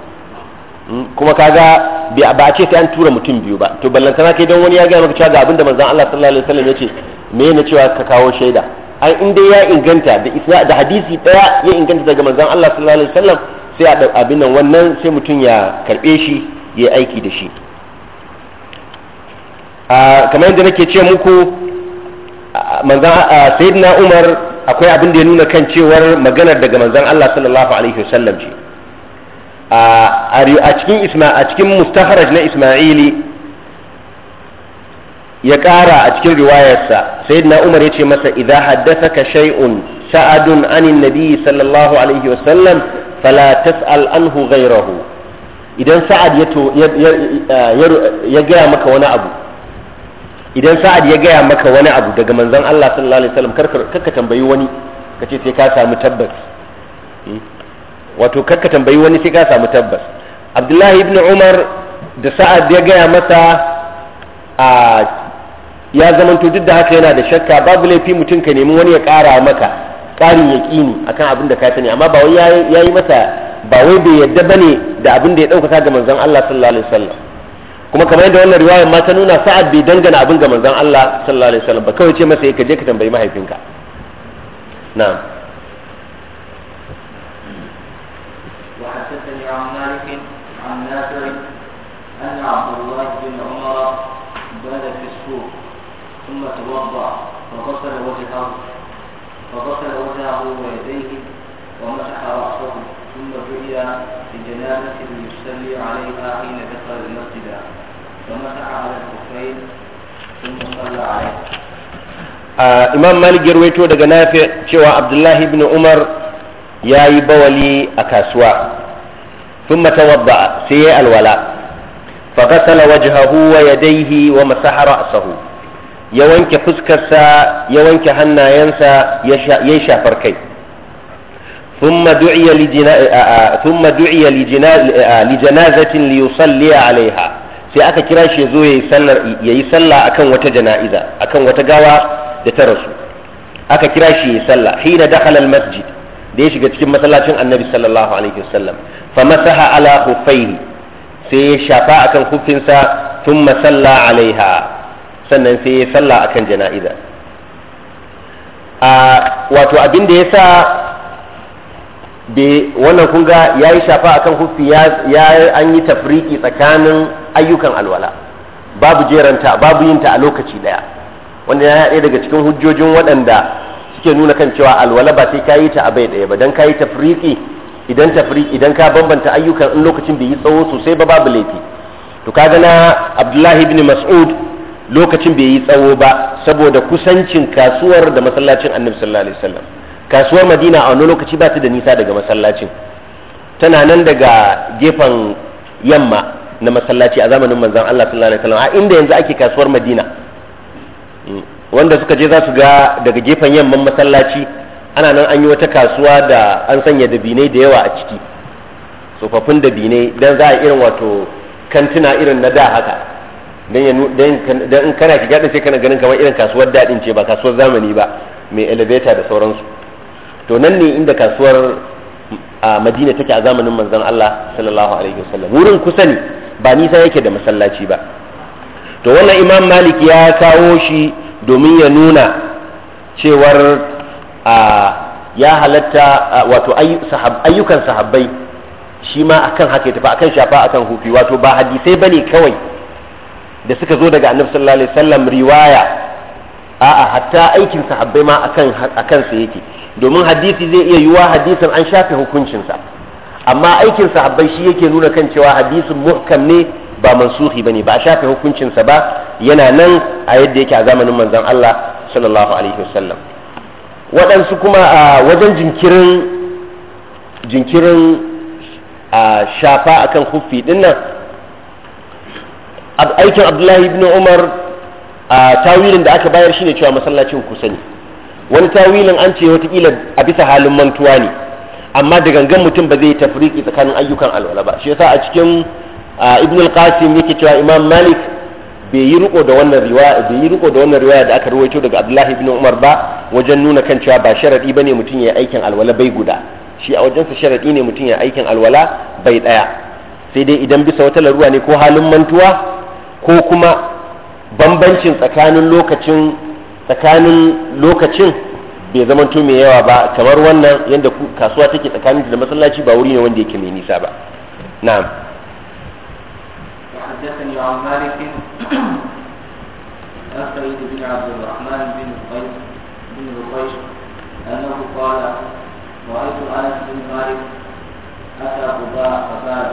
kuma kaga ba a ce sai an tura mutum biyu ba to ballantana kai don wani ya gaya maka cewa ga abin da manzon Allah sallallahu alaihi wasallam yace me yana cewa ka kawo shaida ai in dai ya inganta da isna da hadisi daya ya inganta daga manzon Allah sallallahu alaihi wasallam sai a abin nan wannan sai mutum ya karbe shi ya aiki da shi a kamar yadda nake ce muku manzon sayyidina Umar akwai abin da ya nuna kan cewar maganar daga manzon Allah sallallahu alaihi wasallam ce a cikin isma a cikin na isma'ili ya ƙara a cikin riwayarsa na umar ya ce masa idan haddasa ka shay'un sa'adun anin nabi sallallahu alaihi wasallam fala tas'al anhu ghayrahu idan sa'ad ya gaya maka wani abu idan sa'ad ya gaya maka wani abu daga manzon Allah sallallahu alaihi wasallam karka tambayi wani kace sai ka samu tabbas hmm? wato kakka tambayi wani sai ka samu tabbas abdullahi ibn umar da sa'ad ya gaya masa a ya zamanto duk da haka yana da shakka babu laifi mutum ka nemi wani ya kara maka ƙarin yaƙini akan abin da ka sani amma ba wai ya yi masa ba wai bai yadda bane da abin da ya ɗaukaka ga manzon Allah sallallahu alaihi wasallam kuma kamar yadda wannan riwayar ma ta nuna sa'ad bai dangana abin ga manzon Allah sallallahu alaihi wasallam ba kawai ce masa eh, ka je ka tambayi mahaifinka na'am ساقوا يديه ومسح راسه ثم فعل لجنابه ليصلي عليها حين دخل المسجد فمسح على الكفين ثم صلى عليه آه، امام مالك يرويتو دغ نافع شوى عبد الله بن عمر ياي بولي اكاسوا ثم توضا سيء الولاء فغسل وجهه ويديه ومسح راسه ya wanke fuskarsa ya wanke hannayensa ya shafar kai ثم دعي لجنا ثم دعي لجنا لجنازة sai aka kira shi zo yayi sallar yayi sallah akan wata jana'iza akan wata gawa da ta rasu aka kira shi yayi sallah hina dakhala al masjid da ya shiga cikin masallacin annabi sallallahu alaihi wasallam fa masaha ala khuffaihi sai ya shafa akan khuffinsa thumma salla alaiha sannan sai ya sallah akan jana'iza wato abin da ya sa wannan kunga ga ya yi shafa a kan hufi ya an yi tafriki tsakanin ayyukan alwala babu jeranta babu yinta a lokaci daya wanda ya haɗe daga cikin hujjojin waɗanda suke nuna kan cewa alwala ba sai ka yi ta a bai ɗaya ba don ka yi tafriki idan tafriki idan ka bambanta ayyukan in lokacin bai yi tsawo sosai ba babu laifi to kaga na abdullahi ibn mas'ud lokacin bai yi tsawo ba saboda kusancin kasuwar da masallacin annabi sallallahu alaihi wasallam kasuwar madina a wani lokaci ba ta da nisa daga masallacin tana nan daga gefen yamma na masallaci a zamanin manzon Allah sallallahu alaihi wasallam a inda yanzu ake kasuwar madina hmm. wanda suka je za su ga daga gefen yamman masallaci ana nan an yi wata kasuwa da an sanya dabinai da yawa a ciki tsofaffin dabinai dan za a irin wato kantina irin na da haka dan in kana shiga da sai kana ganin kamar irin kasuwar dadin ce ba kasuwar zamani ba mai elevator da sauransu to nan ne inda kasuwar a madina take a zamanin manzon Allah sallallahu alaihi wasallam wurin kusa ne ba nisa yake da masallaci ba to wannan imam malik ya kawo shi domin ya nuna cewar a ya halatta wato ayyukan sahabbai shi ma akan haka ya tafi akan shafa akan hufi wato ba hadisai bane kawai da suka zo daga annabi sallallahu alaihi wasallam riwaya a'a hatta aikin sahabbai ma akan akan sa yake domin hadisi zai iya yiwa hadisin an shafe hukuncin sa amma aikin sahabbai shi yake nuna kan cewa hadisin muhkam ne ba mansuhi bane ba a shafe hukuncin sa ba yana nan a yadda yake a zamanin manzon Allah sallallahu alaihi wasallam waɗansu kuma a wajen jinkirin jinkirin shafa akan huffi dinnan aikin abdullahi ibn umar a tawilin da aka bayar shine cewa masallacin ku sani wani tawilin an ce watakila a bisa halin mantuwa ne amma da gangan mutum ba zai yi tafriki tsakanin ayyukan alwala ba shi yasa a cikin ibn al-qasim yake cewa imam malik bai yi riko da wannan riwaya bai yi riko da wannan riwaya da aka rawaito daga abdullahi ibn umar ba wajen nuna kan cewa ba sharadi bane mutum ya aikin alwala bai guda shi a wajen sa sharadi ne mutum ya aikin alwala bai daya sai dai idan bisa wata laruwa ne ko halin mantuwa ko kuma bambancin tsakanin lokacin tsakanin lokacin bai to mai yawa ba kamar wannan yadda kasuwa take tsakanin da masallaci ba wuri ne wanda yake mai nisa ba na'am حدثني عن بن عبد الرحمن بن قيس قال رايت انس بن مالك اتى قباء فقال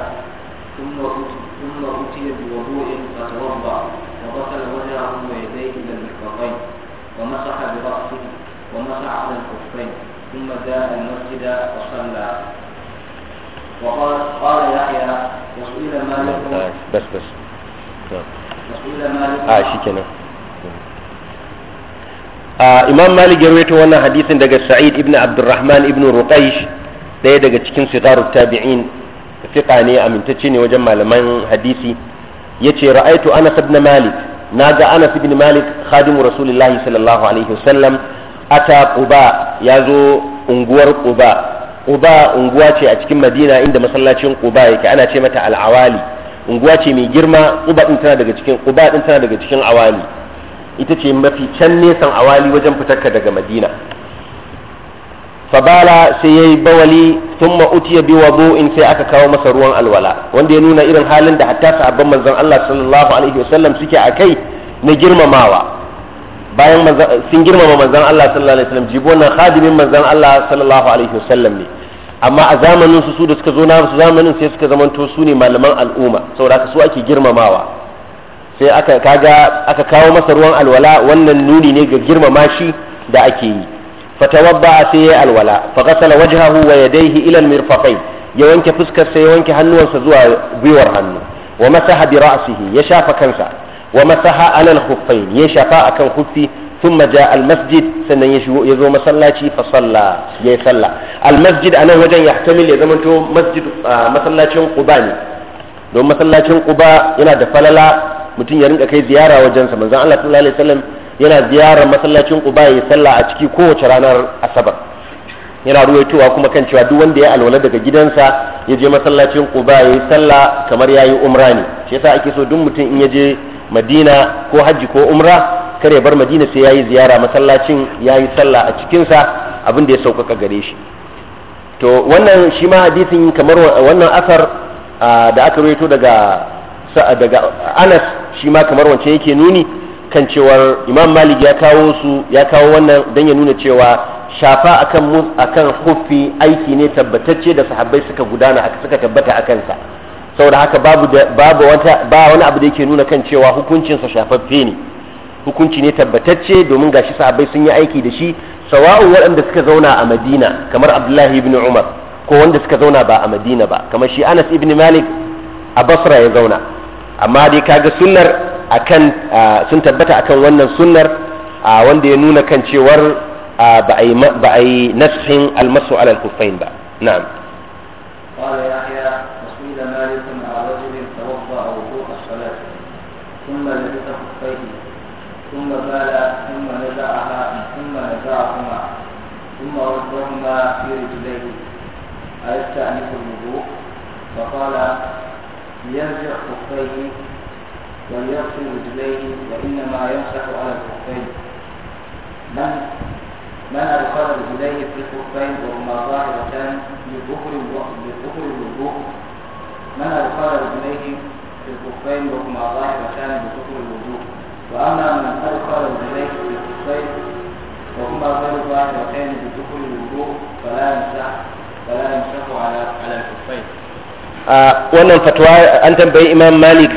ثم اتي ثم أتي بوضوء فتوضأ وغسل وجهه ويديه إلى المرفقين ومسح برأسه ومسح على الخفين ثم جاء المسجد وصلى وقال قال يحيى وسئل مالك بس بس وسئل مالك آه شكرا Imam Malik ya rawaito wannan hadisin daga Sa'id ibn Abdurrahman ibn Ruqaysh ɗaya daga cikin sigarut tabi'in fiqa ne amintacce ne wajen malaman hadisi yace ra'aitu Anas ibn Malik naga Anas ibn Malik khadimu Rasulullahi sallallahu alaihi wasallam ata Quba yazo unguwar Quba Quba unguwa ce a cikin Madina inda masallacin Quba yake ana ce mata al-Awali unguwa ce mai girma Quba din tana daga cikin Quba din tana daga cikin Awali ita ce mafi can nesan Awali wajen fitarka daga Madina fabala sai yayi bawali thumma utiya bi in sai aka kawo masa ruwan alwala wanda ya nuna irin halin da hatta sahabban manzon Allah sallallahu alaihi wasallam suke akai na girmamawa bayan sun girmama manzon Allah sallallahu alaihi wasallam jibo na khadimin manzon Allah sallallahu alaihi wasallam ne amma a zamanin su su da suka zo na su zamanin sai suka zamanto su ne malaman al'umma saboda su ake girmamawa sai aka kaga aka kawo masa ruwan alwala wannan nuni ne ga girmama shi da ake yi فتوضأ سي الولاء فغسل وجهه ويديه إلى المرفقين يوانك فسكر سيوانك هنو سزوى بيور هنو ومسح برأسه يشاف كنسا ومسح على الخفين يشفاء كان خفي ثم جاء المسجد سنة يزو مسلاتي فصلى يصلى المسجد أنا وجن يحتمل إذا من مسجد آه مسلاتي قباني لو مسلاتي قباء إلى دفللا متين يرنك كي زيارة وجنسا من زعل الله صلى الله عليه وسلم yana ziyarar masallacin Quba ya sallah a ciki kowace ranar Asabar yana ruwaitowa kuma kan cewa duk wanda ya alwala daga gidansa ya je masallacin Quba ya sallah kamar yayi umra ne shi yasa ake so duk mutum in ya je Madina ko Hajji ko umra kar ya bar Madina sai yayi ziyara masallacin yayi sallah a cikin sa abin da ya sauƙaƙa gare shi to wannan shi ma hadisin kamar wannan asar ah, da aka ruwaito daga daga Anas shi ma kamar wancan yake nuni kan cewar imam malik ya kawo su ya kawo wannan don ya nuna cewa shafa akan akan hufi aiki ne tabbatacce da sahabbai suka gudana aka suka tabbata a kansa saboda haka babu ba wani abu da yake nuna kan cewa hukuncinsa shafaffe ne hukunci ne tabbatacce domin gashi sahabbai sun yi aiki da shi sawa'u waɗanda suka zauna a madina kamar abdullahi ibn umar ko wanda suka zauna ba a madina ba kamar shi anas ibn malik a basra ya zauna amma dai kaga sunnar akan ah, sun tabbata akan wannan sunnar ah, wanda ya nuna kan cewar ah, ba a yi nashin almasu alal kufain ba na'am قال يحيى وقيل مالك عن رجل توضا وضوء الصلاه ثم لبس خفيه ثم بال ثم نزعها ثم نزعهما ثم ردهما في رجليه ايستانف الوضوء فقال يرجع خفيه وليغسل رجليه وإنما يمسح على الخفين من من أدخل رجليه في الخفين وهما ظاهرتان لظهر لظهر من أدخل رجليه في الخفين وهما ظاهرتان وأما من أدخل رجليه في الخفين وهما غير ظاهرتان لظهر الوضوء فلا يمسح فلا يمسح على على الخفين. آه، wannan fatuwa an tambayi imam malik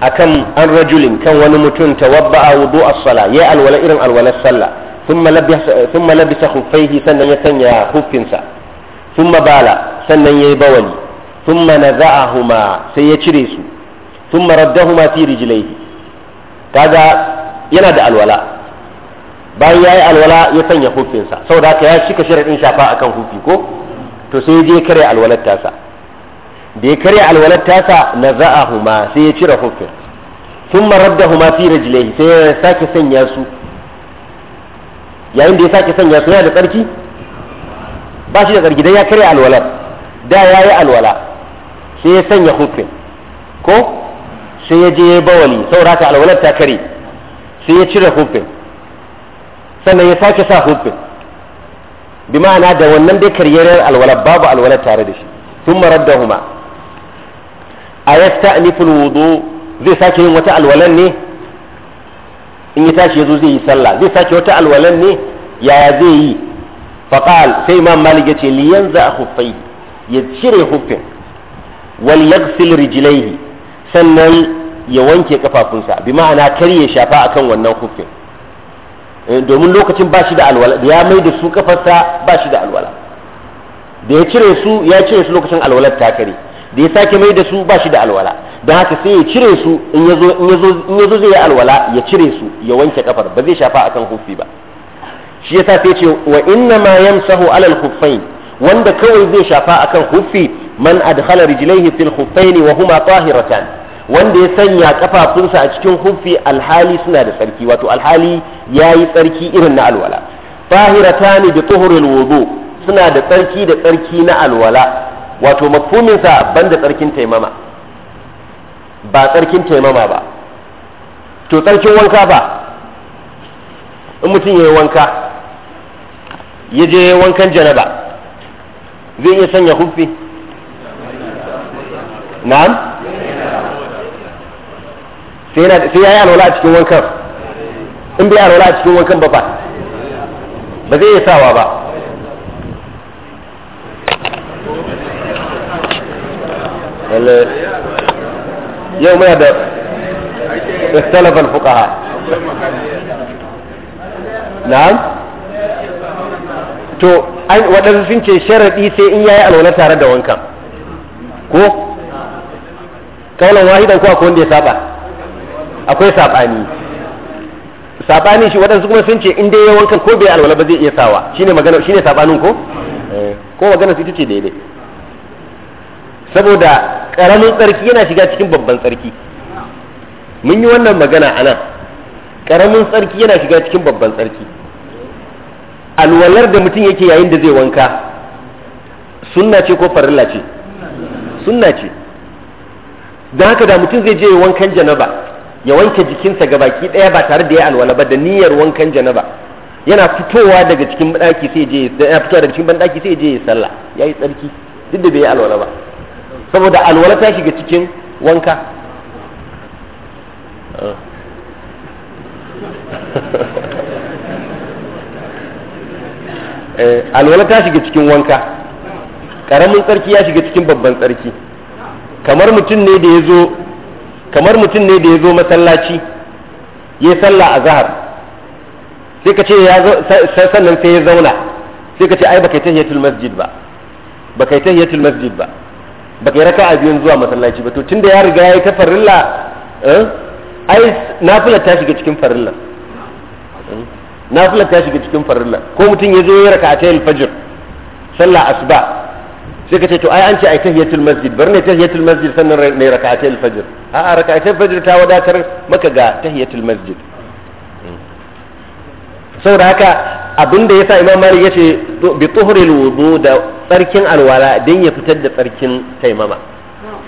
akan an rajulin kan wani mutum tawabba'a wudu as-sala ya alwala irin alwalar sallah sun labisa thumma labisa sannan ya sanya hufinsa sun bala sannan ya yi bawali sun thumma naza'ahuma sai ya cire su sun thumma raddahuma fi rijlaihi kaga yana da alwala bayan ya yi alwala ya sanya huffinsa saboda haka ya cika sharadin shafa akan hufi ko to sai ya je kare alwalar tasa da ya karya alwalar tasa huma sai ya cire hufin da huma fi rajile sai ya sake sanya su yayin da ya sake sanya su yana da tsarki ba shi da tsarki dan ya karya alwalar da ya yi alwala sai ya sanya hufin ko sai ya je ya bawali saboda haka alwalar ta kare sai ya cire hufin sannan ya sake sa hufin bi ma'ana da wannan dai karyar alwalar babu alwalar tare da shi sun marar da huma a yasta'niful wudu zai sake yin wata alwalan ne in ya tashi yazo zai yi sallah zai sake wata alwalan ne yaya zai yi faqal sai imam malik yace li yanza khuffai ya cire huffin wal yaghsil rijlaihi sannan ya wanke kafafunsa bi ma'ana kar ya shafa akan wannan huffin eh, domin lokacin ba shi da alwala ya mai da su kafarsa ba shi da alwala da ya cire su ya cire su lokacin alwalar ta kare da ya sake mai da su ba shi da alwala don haka sai ya cire su in ya zo zai yi alwala ya cire su ya wanke kafar ba zai shafa akan hufi ba shi yasa sai ce wa inna ma yamsahu alal khuffain wanda kawai zai shafa akan hufi man adkhala rijlaihi fil khuffain wa huma tahiratan wanda ya sanya kafafunsa a cikin hufi alhali suna da tsarki wato alhali yayi tsarki irin na alwala tahiratan bi tuhuril wudu suna da tsarki da tsarki na alwala wato mafhuminsa banda tsarkin taimama ba tsarkin taimama ba to tsarkin wanka ba in mutum ya yi wanka ya je wankan janaba zai iya sanya huffi na'am sai ya yi alwala a cikin wankan in bai alwala a cikin wankan ba ba ba zai iya sawa ba lalle yau muna da ikhtalafal fuqaha na'am to an waɗansu sun ce sharaɗi sai in yayi alwala tare da wankan ko kaulan wahidan ko akwai wanda ya saba akwai sabani sabani shi waɗansu kuma sun ce in dai ya wankan ko bai alwala ba zai iya sawa shine magana shine sabanin ko eh. ko magana ita ce daidai saboda ƙaramin tsarki yana shiga cikin babban tsarki mun yi wannan magana a nan ƙaramin tsarki yana shiga cikin babban tsarki alwalar da mutum yake yayin da zai wanka sunna ce ko farilla ce sunna ce don haka da mutum zai je wankan janaba ya wanke jikinsa ga baki ɗaya ba tare da ya alwala ba da niyyar wankan janaba yana fitowa daga cikin banɗaki sai je ya sallah, ya yi tsarki duk da bai yi alwala ba saboda alwala ta shiga cikin wanka eh, alwala ta shiga cikin wanka ƙaramin tsarki ya shiga cikin babban tsarki kamar mutum ne da ya zo kamar mutum ne da ya zo masallaci ya sallah a zahar sai ka ce sannan sai ya zauna sai ka ce ai baka tahiyatul masjid ba baka yi tahiyatul masjid ba baka yi raka'a biyun zuwa masallaci ba to tunda ya riga ya yi ta farilla eh, ai nafila ta shiga cikin farilla nafila ta shiga cikin farilla ko mutum ya zo ya raka'a ta fajr sallah asuba sai ka ce to ai an ce ai tahiyatul masjid bar ne tahiyatul masjid sannan ne raka'a ta fajr a raka'a ta fajr ta wadatar maka ga tahiyatul masjid saboda haka abin da yasa imam malik yace bi tuhuril wudu da tsarkin alwala dan ya fitar da tsarkin taimama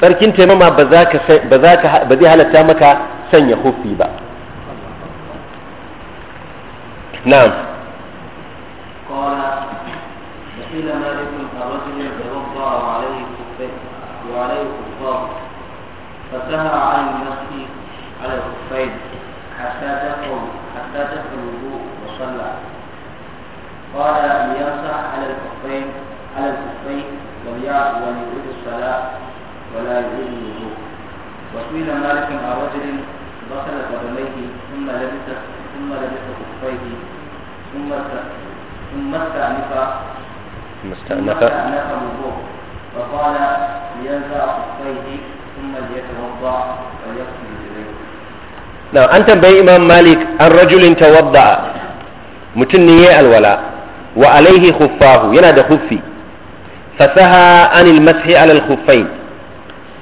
tsarkin taimama ba za ka ba za ka ba zai halatta maka sanya hufi ba na'am qala قيل مالك عن نفسه على الخفين حتى تدخل حتى قال ليصح على الكفين على الكفين وليعد وليعيد الصلاة ولا يعيد الوضوء وسئل مالك عن رجل دخل قدميه ثم لبس ثم لبس كفيه ثم ثم استأنف ثم استأنف الوضوء فقال لينزع كفيه ثم ليتوضأ ويغسل رجليه نعم أنت بين إمام مالك عن رجل توضأ mutum ne wa alaihi khuffahu yana da khuffi fasaha anil mashi alal khuffain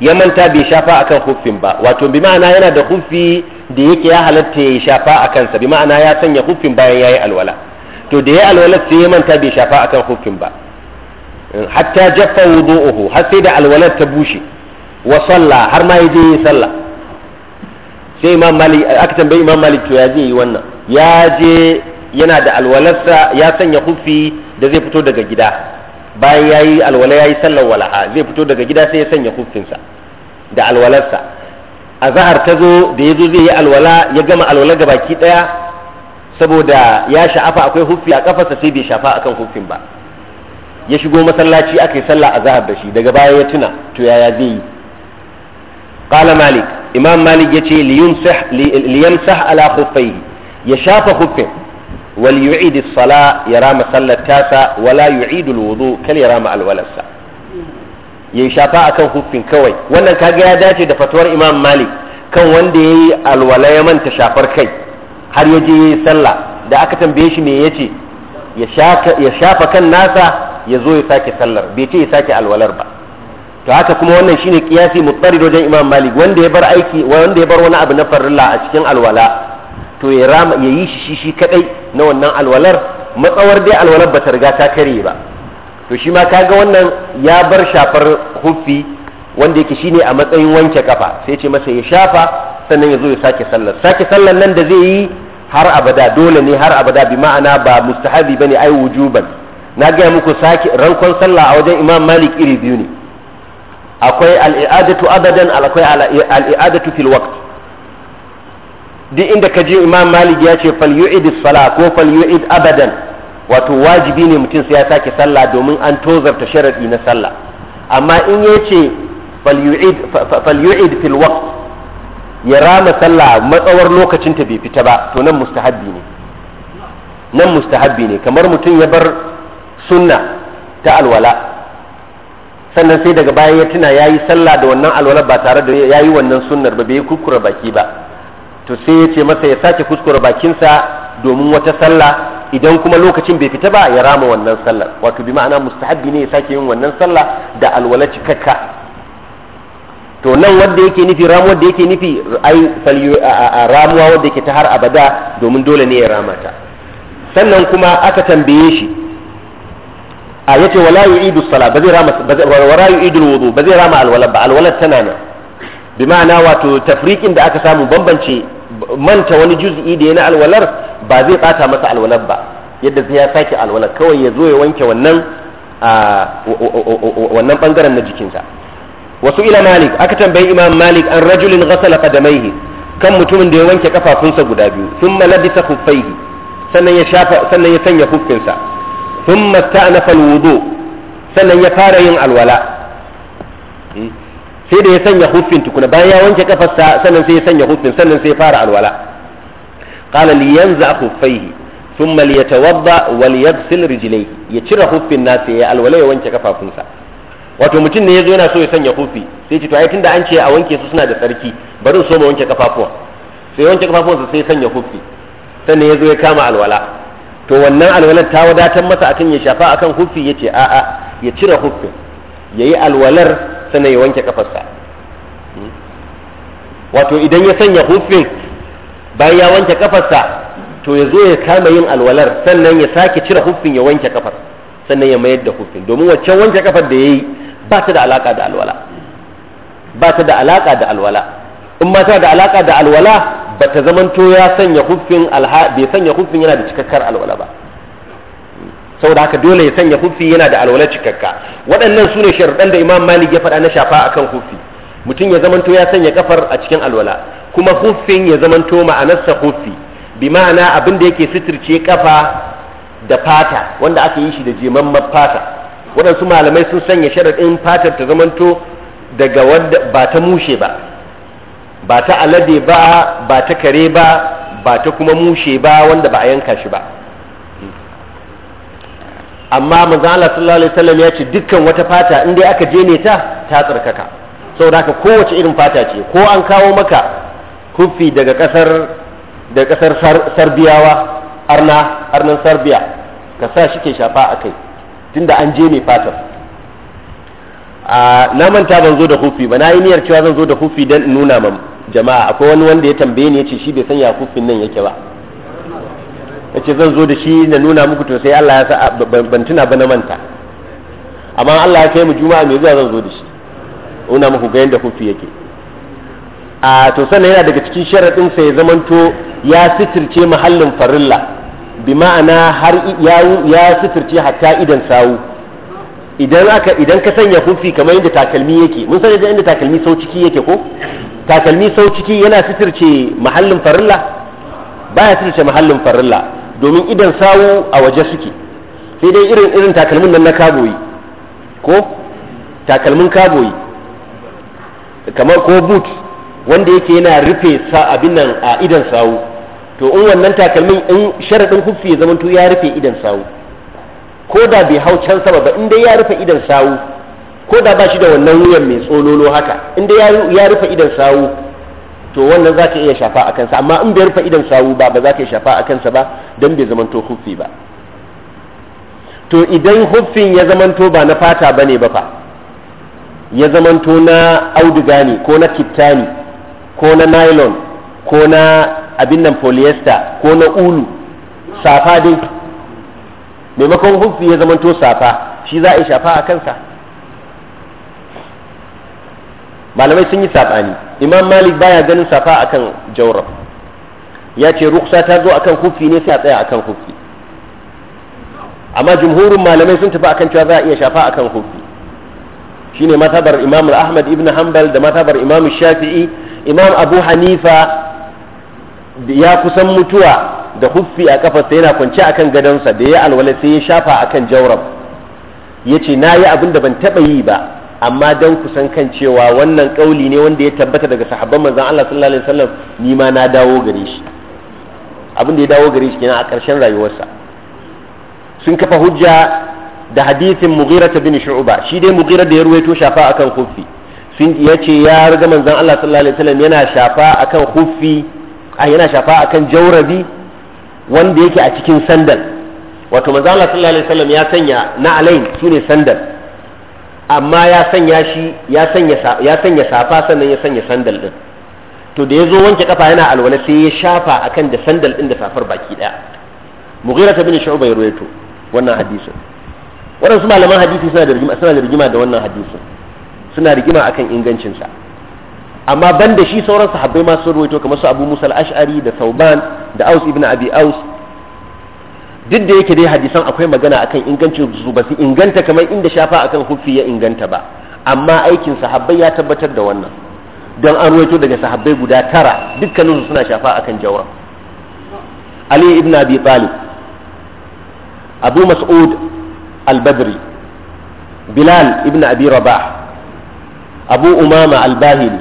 ya manta bai shafa akan khuffin ba wato bi ma'ana yana da khuffi da yake ya halatta ya shafa akan sa bi ma'ana ya sanya khuffin bayan yayi alwala to da yayi alwala sai ya manta bai shafa akan khuffin ba hatta jaffa wudu'uhu har sai da alwalar ta bushe wa salla har ma yaje yin sallah sai imam malik aka tambayi imam malik to ya je yi wannan ya je yana da alwalarsa ya sanya kufi da zai fito daga gida bayan ya yi alwala ya yi sallar wala'a zai fito daga gida sai ya sanya kufinsa da alwalarsa a zahar ta zo da ya zo zai yi alwala ya gama alwala ga baki ɗaya saboda ya sha'afa akwai hufi a kafarsa sai bai shafa akan hufin ba ya shigo masallaci aka yi sallah a zahar da shi daga baya ya tuna to yaya zai yi qala malik imam malik yace liyamsah ala khuffayhi ya shafa huffin wal yu'id sala ya rama sallar tasa wala yu'id al kal ya rama alwalarsa yayi shafa akan huffin kawai wannan kaga ya dace da fatuwar Imam Malik kan wanda yayi alwala ya manta shafar kai har ya je sallah da aka tambaye shi me yace ya shafa kan nasa ya zo ya sake sallar bai ce ya sake alwalar ba to haka kuma wannan shine kiyasi mutsarid wajen Imam Malik wanda ya bar aiki wanda ya bar wani abu na farilla a cikin alwala to ya rama ya yi shi shi shi kadai na wannan alwalar matsawar dai alwalar bata riga ta kare ba to shi ma kaga wannan ya bar shafar huffi wanda yake shine a matsayin wanke kafa sai ce masa ya shafa sannan ya zo ya sake sallar sake sallar nan da zai yi har abada dole ne har abada bi ma'ana ba mustahabi bane ai wujuban na gaya muku sake rankon sallah a wajen imam malik iri biyu ne akwai al-i'adatu abadan akwai al'i'adatu fil waqt duk inda ka je imam malik ya ce fal falyu'id sala ko fal yu'id abadan wato wajibi ne mutum sai ya sake sallah domin an tozarta sharadi na sallah amma in ya ce yu'id fil waqt ya rama sallah matsawar lokacin ta bai fita ba to nan mustahabbi ne nan mustahabbi ne kamar mutum ya bar sunna ta alwala sannan sai daga baya ya tuna yayi sallah da wannan alwala ba tare da yayi wannan sunnar ba bai yi kukkura baki ba to sai ya ce masa ya sake kuskure bakinsa domin wata sallah idan kuma lokacin bai fita ba ya rama wannan sallah wato bi ma'ana mustahabbi ne ya sake yin wannan sallah da alwala cikakka to nan wanda yake nufi ramuwa da yake nufi ai ramuwa wanda yake ta har abada domin dole ne ya rama ta sannan kuma aka tambaye shi a yace wala yu'idu sala ba zai rama wala yu'idu wudu ba zai rama alwala ba alwala tana nan bi ma'ana wato tafriqin da aka samu bambance manta wani juz'i da ya na alwalar ba zai bata masa alwalar ba yadda sai ya sake alwalar kawai ya zo ya wanke wannan wannan bangaren na jikinsa wasu ila malik aka tambayi imam malik an rajulin ghasala qadamaihi kan mutumin da ya wanke kafafunsa guda biyu thumma labisa khuffaihi sannan ya shafa sannan ya sanya khuffinsa thumma na alwudu sannan ya fara yin alwala hmm? sai da ya sanya huffin tukuna bayan ya wanke kafarsa sannan sai ya sanya huffin sannan sai ya fara alwala qala li yanza khuffaihi thumma li yatawadda wa li yaghsil rijlaihi ya cire huffin nasa ya alwala ya wanke kafafunsa wato mutum ne yazo yana so ya sanya huffi sai ce to ai tunda an ce a wanke su suna da tsarki bari so mu wanke kafafuwa sai wanke kafafuwansa sai ya sanya huffi sannan yazo ya kama alwala to wannan alwalar ta wadatar masa akan ya shafa akan huffi yace a'a ya cire huffin yayi alwalar sannan ya wanke kafarsa wato idan ya sanya hufin bayan ya wanke kafarsa to ya zo ya kama yin alwalar sannan ya sake cire hufin ya wanke kafar sannan ya mayar da hufin domin waccan wanke kafar da ya yi ba ta da alaka da alwala ba ta da alaka da alwala in ma ta da alaka da alwala ba ta zamanto ya sanya hufin alha bai sanya hufin yana da cikakkar alwala ba saboda haka dole ya sanya hufi yana da alwala cikakka waɗannan su ne sharɗan da imam malik ya faɗa na shafa a kan hufi mutum ya zamanto ya sanya kafar a cikin alwala kuma hufin ya zamanto ma'anarsa hufi bi ma'ana abin da yake sitirce kafa da fata wanda aka yi shi da jemamman fata waɗansu malamai sun sanya sharaɗin fatar ta zamanto daga wanda ba ta mushe ba ba ta alade ba ba ta kare ba ba ta kuma mushe ba wanda ba a yanka shi ba amma mazala Allah sallallahu alaihi wasallam ya ce dukkan wata fata in dai aka jene ta ta tsarkaka saboda haka kowace irin fata ce ko an kawo maka kufi daga kasar da kasar sarbiyawa arna arnan sarbiya ka sa shi ke shafa a kai tunda an je ne fatar na manta ban zo da kufi ba na yi niyyar cewa zan zo da kufi dan in nuna ma jama'a akwai wani wanda ya tambaye ni ya ce shi bai sanya kufin nan yake ba ce zan zo da shi na nuna muku to sai Allah ya sa ban tuna ba na manta amma Allah ya kai mu juma'a mai zuwa zan zo da shi nuna muku ga yanda hufi yake a to sannan yana daga cikin sharaɗin sa ya zamanto ya sitirce mahallin farilla bi ma'ana har ya ya sitirce hatta idan sawu idan aka idan ka sanya hufi kamar yadda takalmi yake mun san yadda takalmi sau ciki yake ko takalmi sau ciki yana sitirce mahallin farilla baya sitirce mahallin farilla domin idan sawu a waje suke sai dai irin irin takalmin nan na kaboyi ko takalmin kaboyi kamar ko boot wanda yake yana rufe sa abin nan a idan sawu to in wannan takalmin in sharadin huffi ya zamanto ya rufe idan sawu ko da bai hau can sama ba in dai ya rufe idan sawu ko da ba shi da wannan wuyan mai tsololo haka in dai ya rufe idan sawu to wannan za ka iya shafa a kansa amma in bai rufe idan sawu ba ba za iya shafa a kansa ba don bai zamanto hufi ba to idan hufin ya zamanto ba na fata ba ne ba fa ya zamanto na auduga ne ko na kittani ko na nylon ko na abin nan polyester ko na ulu safa din maimakon hufi ya zamanto safa shi za a yi shafa a kansa malamai sun yi saɓani imam malik baya ganin safa akan jawrab ya ce ruksa ta zo akan kufi ne sai a tsaya akan kufi amma jumhurin malamai sun tafi akan cewa za a iya shafa akan kufi shine matabar imam ahmad ibn hanbal da matabar imam shafi'i imam abu hanifa ya kusan mutuwa da huffi a kafarsa yana kwance akan gadonsa da ya alwala sai ya shafa akan jawrab yace ce na yi abin da ban taɓa yi ba amma dan ku san kan cewa wannan kauli ne wanda ya tabbata daga sahabban manzon Allah sallallahu alaihi wasallam ni ma na dawo gare shi abin da ya dawo gare shi kenan a ƙarshen rayuwarsa sun kafa hujja da hadisin Mughira bin Shu'ba shi dai Mughira da ya ruwaito shafa akan kuffi sun ce ya riga manzon Allah sallallahu alaihi wasallam yana shafa akan kuffi a yana shafa akan jaurabi wanda yake a cikin sandal wato manzon Allah sallallahu alaihi wasallam ya sanya na alain sune sandal amma ya sanya shi ya sanya safa sannan ya sanya sandal din to da ya zo wanke kafa yana alwala sai ya shafa akan da sandal din da safar baki daya mughira bin shu'ba ya ruwaito wannan hadisin waɗansu malaman hadisi suna da rigima suna da rigima da wannan hadisin suna rigima akan ingancin sa amma banda shi sauran sahabbai ma sun ruwaito kamar su Abu Musa al-Ash'ari da Sauban da Aus ibn Abi Aus duk da yake dai hadisan akwai magana akan ingancin su ba su inganta kamar inda shafa akan hufi ya inganta ba amma aikin sahabbai ya tabbatar da wannan don an ruwaito daga sahabbai guda tara dukkanin su suna shafa akan jawra ali ibn abi talib abu mas'ud al-badri bilal ibn abi rabah abu umama al-bahili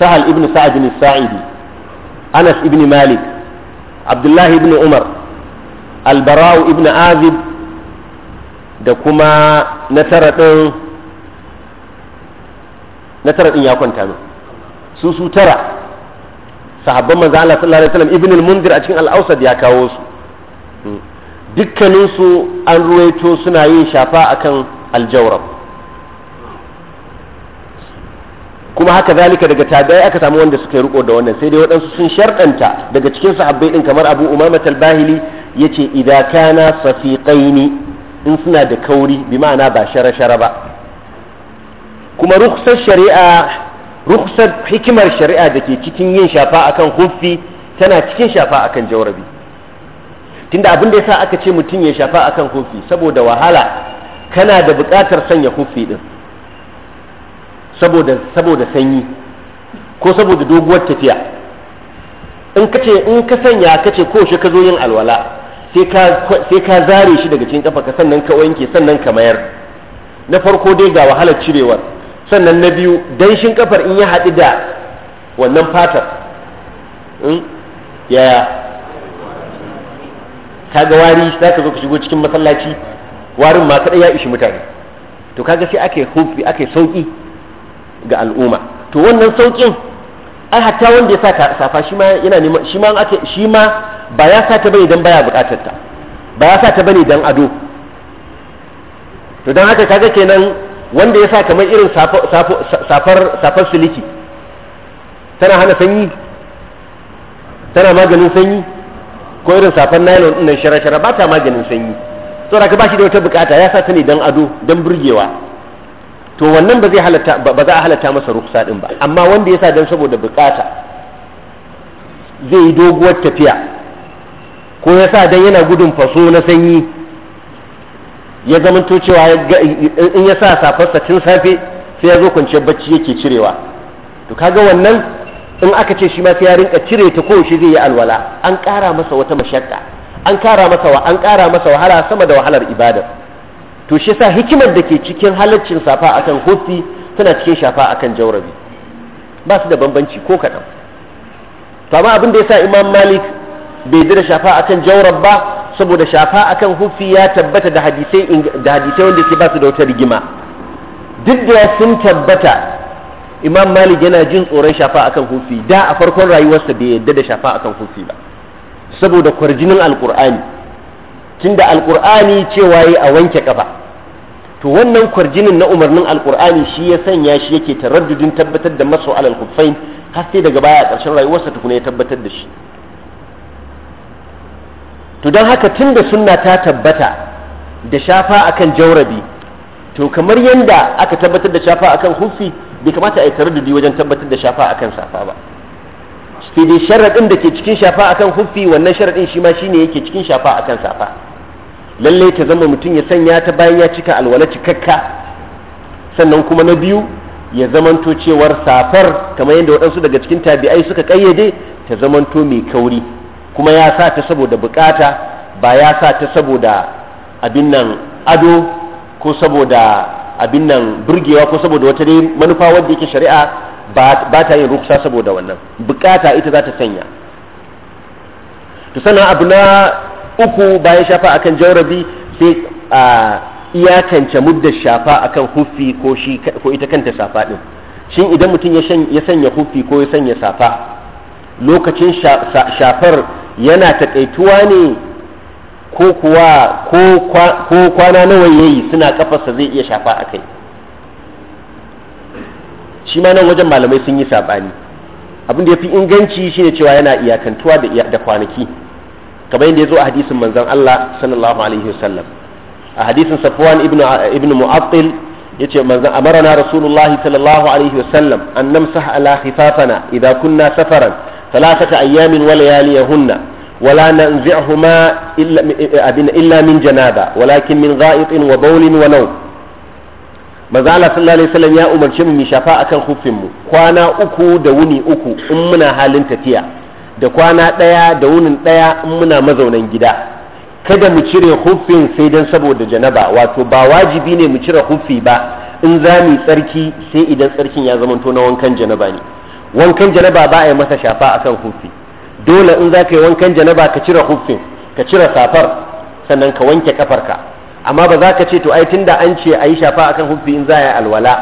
sahal ibn sa'd al-sa'idi anas ibn malik abdullah ibn umar albara'u ibn azib da kuma nasara ɗin ɗin ya kwanta min su su tara sahabban manzo Allah sallallahu alaihi wasallam ibn al-mundir a cikin al-ausad ya kawo su hmm. dukkanin su an ruwaito suna yin shafa akan al-jawrab kuma haka zalika daga tabi'ai aka samu wanda suka riko da wannan sai dai waɗansu sun sharɗanta daga cikin sahabbai din kamar Abu Umama talbahili bahili yace idan kana safiqaini in suna da kauri bi ma'ana ba shara-shara ba kuma rukhsar shari'a rukhsar hikimar shari'a da ke cikin yin shafa akan huffi tana cikin shafa akan jawrabi tunda abin da yasa aka ce mutum ya shafa akan huffi saboda wahala kana da buƙatar sanya huffi din saboda saboda sanyi ko saboda doguwar tafiya in kace in ka sanya kace ko shi ka zo yin alwala sai ka zare shi daga cikin kafa ka sannan ka wanke sannan ka mayar na farko dai ga wahalar cirewar sannan na biyu danshin kafar in ya haɗu da wannan fatar hmm? yaya ga wari za ka zo ka shigo cikin masallaci warin ma kaɗai ya ishi mutane to kaga sai ake hufi ake sauƙi ga al'umma to wannan saukin. ai hatta wanda ya sa safa shi ma yana neman shi ma ake shi ma ba ya sa ta bane dan baya bukatar ta ba ya sa ta bane dan ado to dan haka kaga kenan wanda ya sa kamar irin safar safar siliki tana hana sanyi tana maganin sanyi ko irin safar nylon din nan shara-shara ba ta maganin sanyi saboda ka ba shi da wata bukata ya sa ta ne dan ado dan burgewa to wannan ba zai halatta ba za a halatta masa ruksa din ba amma wanda yasa dan saboda bukata zai yi doguwar tafiya ko yasa dan yana gudun faso na sanyi ya zamanto cewa in ya sa safarsa tun safe sai ya zo kwanciyar bacci yake cirewa to kaga wannan in aka ce shi ma sai ya rinka cire ta ko shi zai yi alwala an kara masa wata mashakka an kara masa wa an kara masa wahala sama da wahalar ibada. to shi sa hikimar da ke cikin halaccin safa akan hufi tana cikin shafa akan jaurabi ba su da bambanci ko kaɗan to amma abin da ya sa imam malik bai dira shafa akan jaurab ba saboda shafa akan hufi ya tabbata da hadisai da wanda ke ba su da wata rigima duk da sun tabbata imam malik yana jin tsoron shafa akan hufi da a farkon rayuwarsa bai yadda da shafa akan hufi ba saboda kwarjinin alkur'ani tunda alqur'ani cewa yi a wanke kafa to wannan kwarjinin na umarnin alqur'ani shi ya sanya shi yake taraddudin tabbatar da masu alal kuffain har sai daga baya a ƙarshen rayuwarsa tukuna ya tabbatar da shi to don haka tunda sunna ta tabbata da shafa akan jaurabi to kamar yadda aka tabbatar da shafa akan hufi bai kamata a yi taraddudi wajen tabbatar da shafa akan safa ba sai dai sharaɗin da ke cikin shafa akan hufi wannan sharaɗin shi ma shine yake cikin shafa akan safa lallai ta zama mutum ya sanya ta bayan ya cika alwala cikakka sannan kuma na biyu ya zamanto cewar safar kamar yadda waɗansu daga cikin tabi'ai suka ƙayyade ta zamanto mai kauri kuma ya sa ta saboda bukata ba ya sa ta saboda abin nan ado ko saboda abin nan burgewa ko saboda wata dai manufa wadda yake shari'a ba ta yin ruksa saboda wannan bukata ita za ta sanya to sannan abu na uku bayan shafa akan jaurabi sai a iyakance muddar shafa akan hufi ko shi ko ita kanta safa ɗin. shin idan mutum ya sanya hufi ko ya sanya safa lokacin shafar yana takaituwa ne ko kwana nawa yayi suna kafarsa zai iya shafa a kai shi ma nan wajen malamai sun yi saɓani abin da ya fi inganci shine cewa yana iyakantuwa da kwanaki kamar yadda ya zo a hadisin manzon Allah sallallahu alaihi wasallam a hadisin Safwan ibn ibn Mu'attil yace manzon amarna Rasulullah sallallahu alaihi wasallam an namsah ala khifafana idza kunna safaran thalathata ayamin wa layaliyahunna ولا ننزعهما إلا, إلا من جنابة ولكن من غائط وبول ونوم manzo Allah sallallahu alaihi wasallam ya umarce mu mu shafa akan huffin mu kwana uku da wuni uku in muna halin tafiya da kwana ɗaya da wunin ɗaya in muna mazaunan gida kada mu cire hufin sai dan saboda janaba wato ba wajibi ne mu cire hufi ba in za mu tsarki sai idan tsarkin ya zamanto na wankan janaba ne wankan janaba ba a yi masa shafa akan huffi dole in za ka yi wankan janaba ka cire huffin ka cire safar sannan ka wanke kafarka amma ba za ka ce to ai tunda an ce a yi shafa akan hufi in za a yi alwala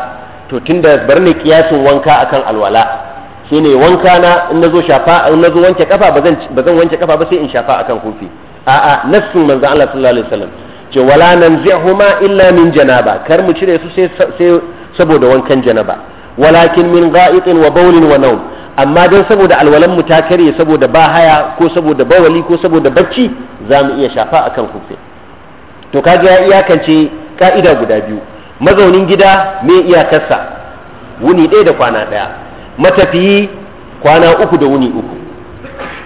to tunda bar ne kiyasin wanka akan alwala shine wanka na in nazo shafa in nazo wanke kafa bazan bazan wanke kafa ba sai in shafa akan kofi a'a nassu manzo Allah sallallahu alaihi wasallam ce wala nanzihuma illa min janaba kar mu cire su sai sai saboda wankan janaba walakin min ga'itin wa bawlin wa nawm amma dan saboda alwalan mu ta karye saboda ba haya ko saboda bawali ko saboda bacci za mu iya shafa akan kofi to kaga ya iyakance ka'ida guda biyu mazaunin gida me iyakarsa wuni ɗaya da kwana ɗaya matafiyi kwana uku da wuni uku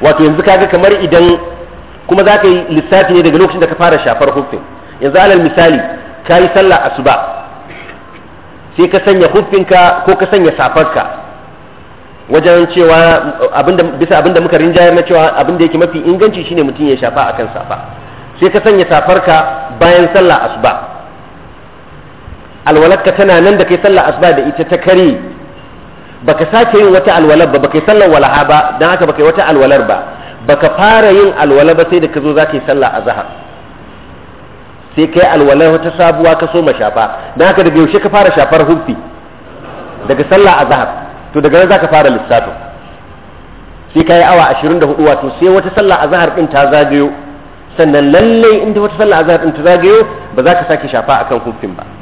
wato yanzu kaga kamar idan kuma za ka yi lissafi ne daga lokacin da ka fara shafar hufin yanzu alal misali ka yi sallah asuba sai ka sanya hufinka ko ka sanya safarka wajen cewa abinda bisa abinda muka rinjayar na cewa abinda yake mafi inganci shine mutum ya shafa akan safa sai ka sanya safarka bayan sallah asuba alwalarka tana nan da kai sallah asuba da ita ta kare baka sake yin wata alwalar ba baka yi sallar walaha ba don haka baka yi wata alwalar ba baka fara yin alwala ba sai da ka zo za ka yi sallah a zahar sai kai alwalar wata sabuwa ka so shafa don haka daga yaushe ka fara shafar hufi daga sallah a zahar to daga nan za ka fara lissafin sai ka yi awa 24 wato sai wata sallah a zahar din ta zagayo sannan lallai inda wata sallah a zahar din ta zagayo ba za ka sake shafa akan hufin ba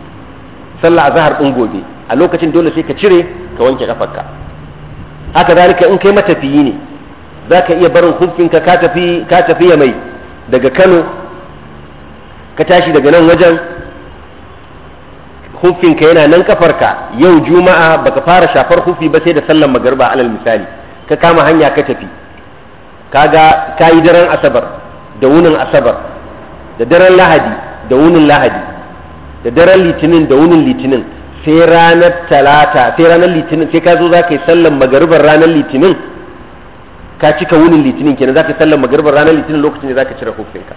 sallah azhar din gobe a lokacin dole sai ka cire ka wanke kafarka haka zalika in kai matafiyi ne zaka iya barin hufinka ka tafi ka tafi mai daga Kano ka tashi daga nan wajen hufinka yana nan kafarka yau juma'a baka fara shafar hufi ba sai da sallar magarba alal misali ka kama hanya ka tafi kaga kayi daren asabar da wunin asabar da daren lahadi da wunin lahadi da daren litinin da wunin litinin sai ranar talata sai ranar litinin sai ka zo za ka yi sallan magaribar ranar litinin ka cika wunin litinin kenan za ka yi sallan magaribar ranar litinin lokacin da za ka cire hukunka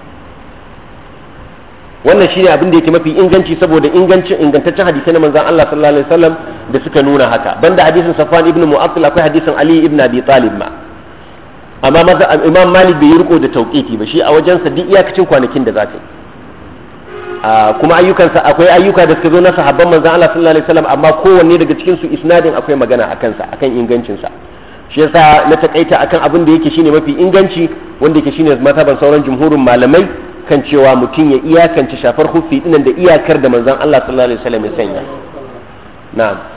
wannan shine abin da yake mafi inganci saboda ingancin ingantaccen hadisai na manzon Allah sallallahu alaihi wasallam da suka nuna haka banda hadisin Safwan ibn Mu'attal akwai hadisin Ali ibn Abi Talib ma amma maza Imam Malik bai riko da tauqiti ba shi a wajensa duk iyakacin kwanakin da za ka yi Ah, kuma ayyukansa akwai ayyuka da suka zo na sahabban manzon Allah sallallahu alaihi wasallam amma kowanne daga cikin su isnadin akwai magana akan sa akan ingancin sa shi yasa na takaita akan abin da yake shine mafi inganci wanda yake shine mataban sauran jumhurin malamai kan cewa mutum ya iyakance shafar hufi dinan da iyakar da manzon Allah sallallahu alaihi wasallam ya sanya na'am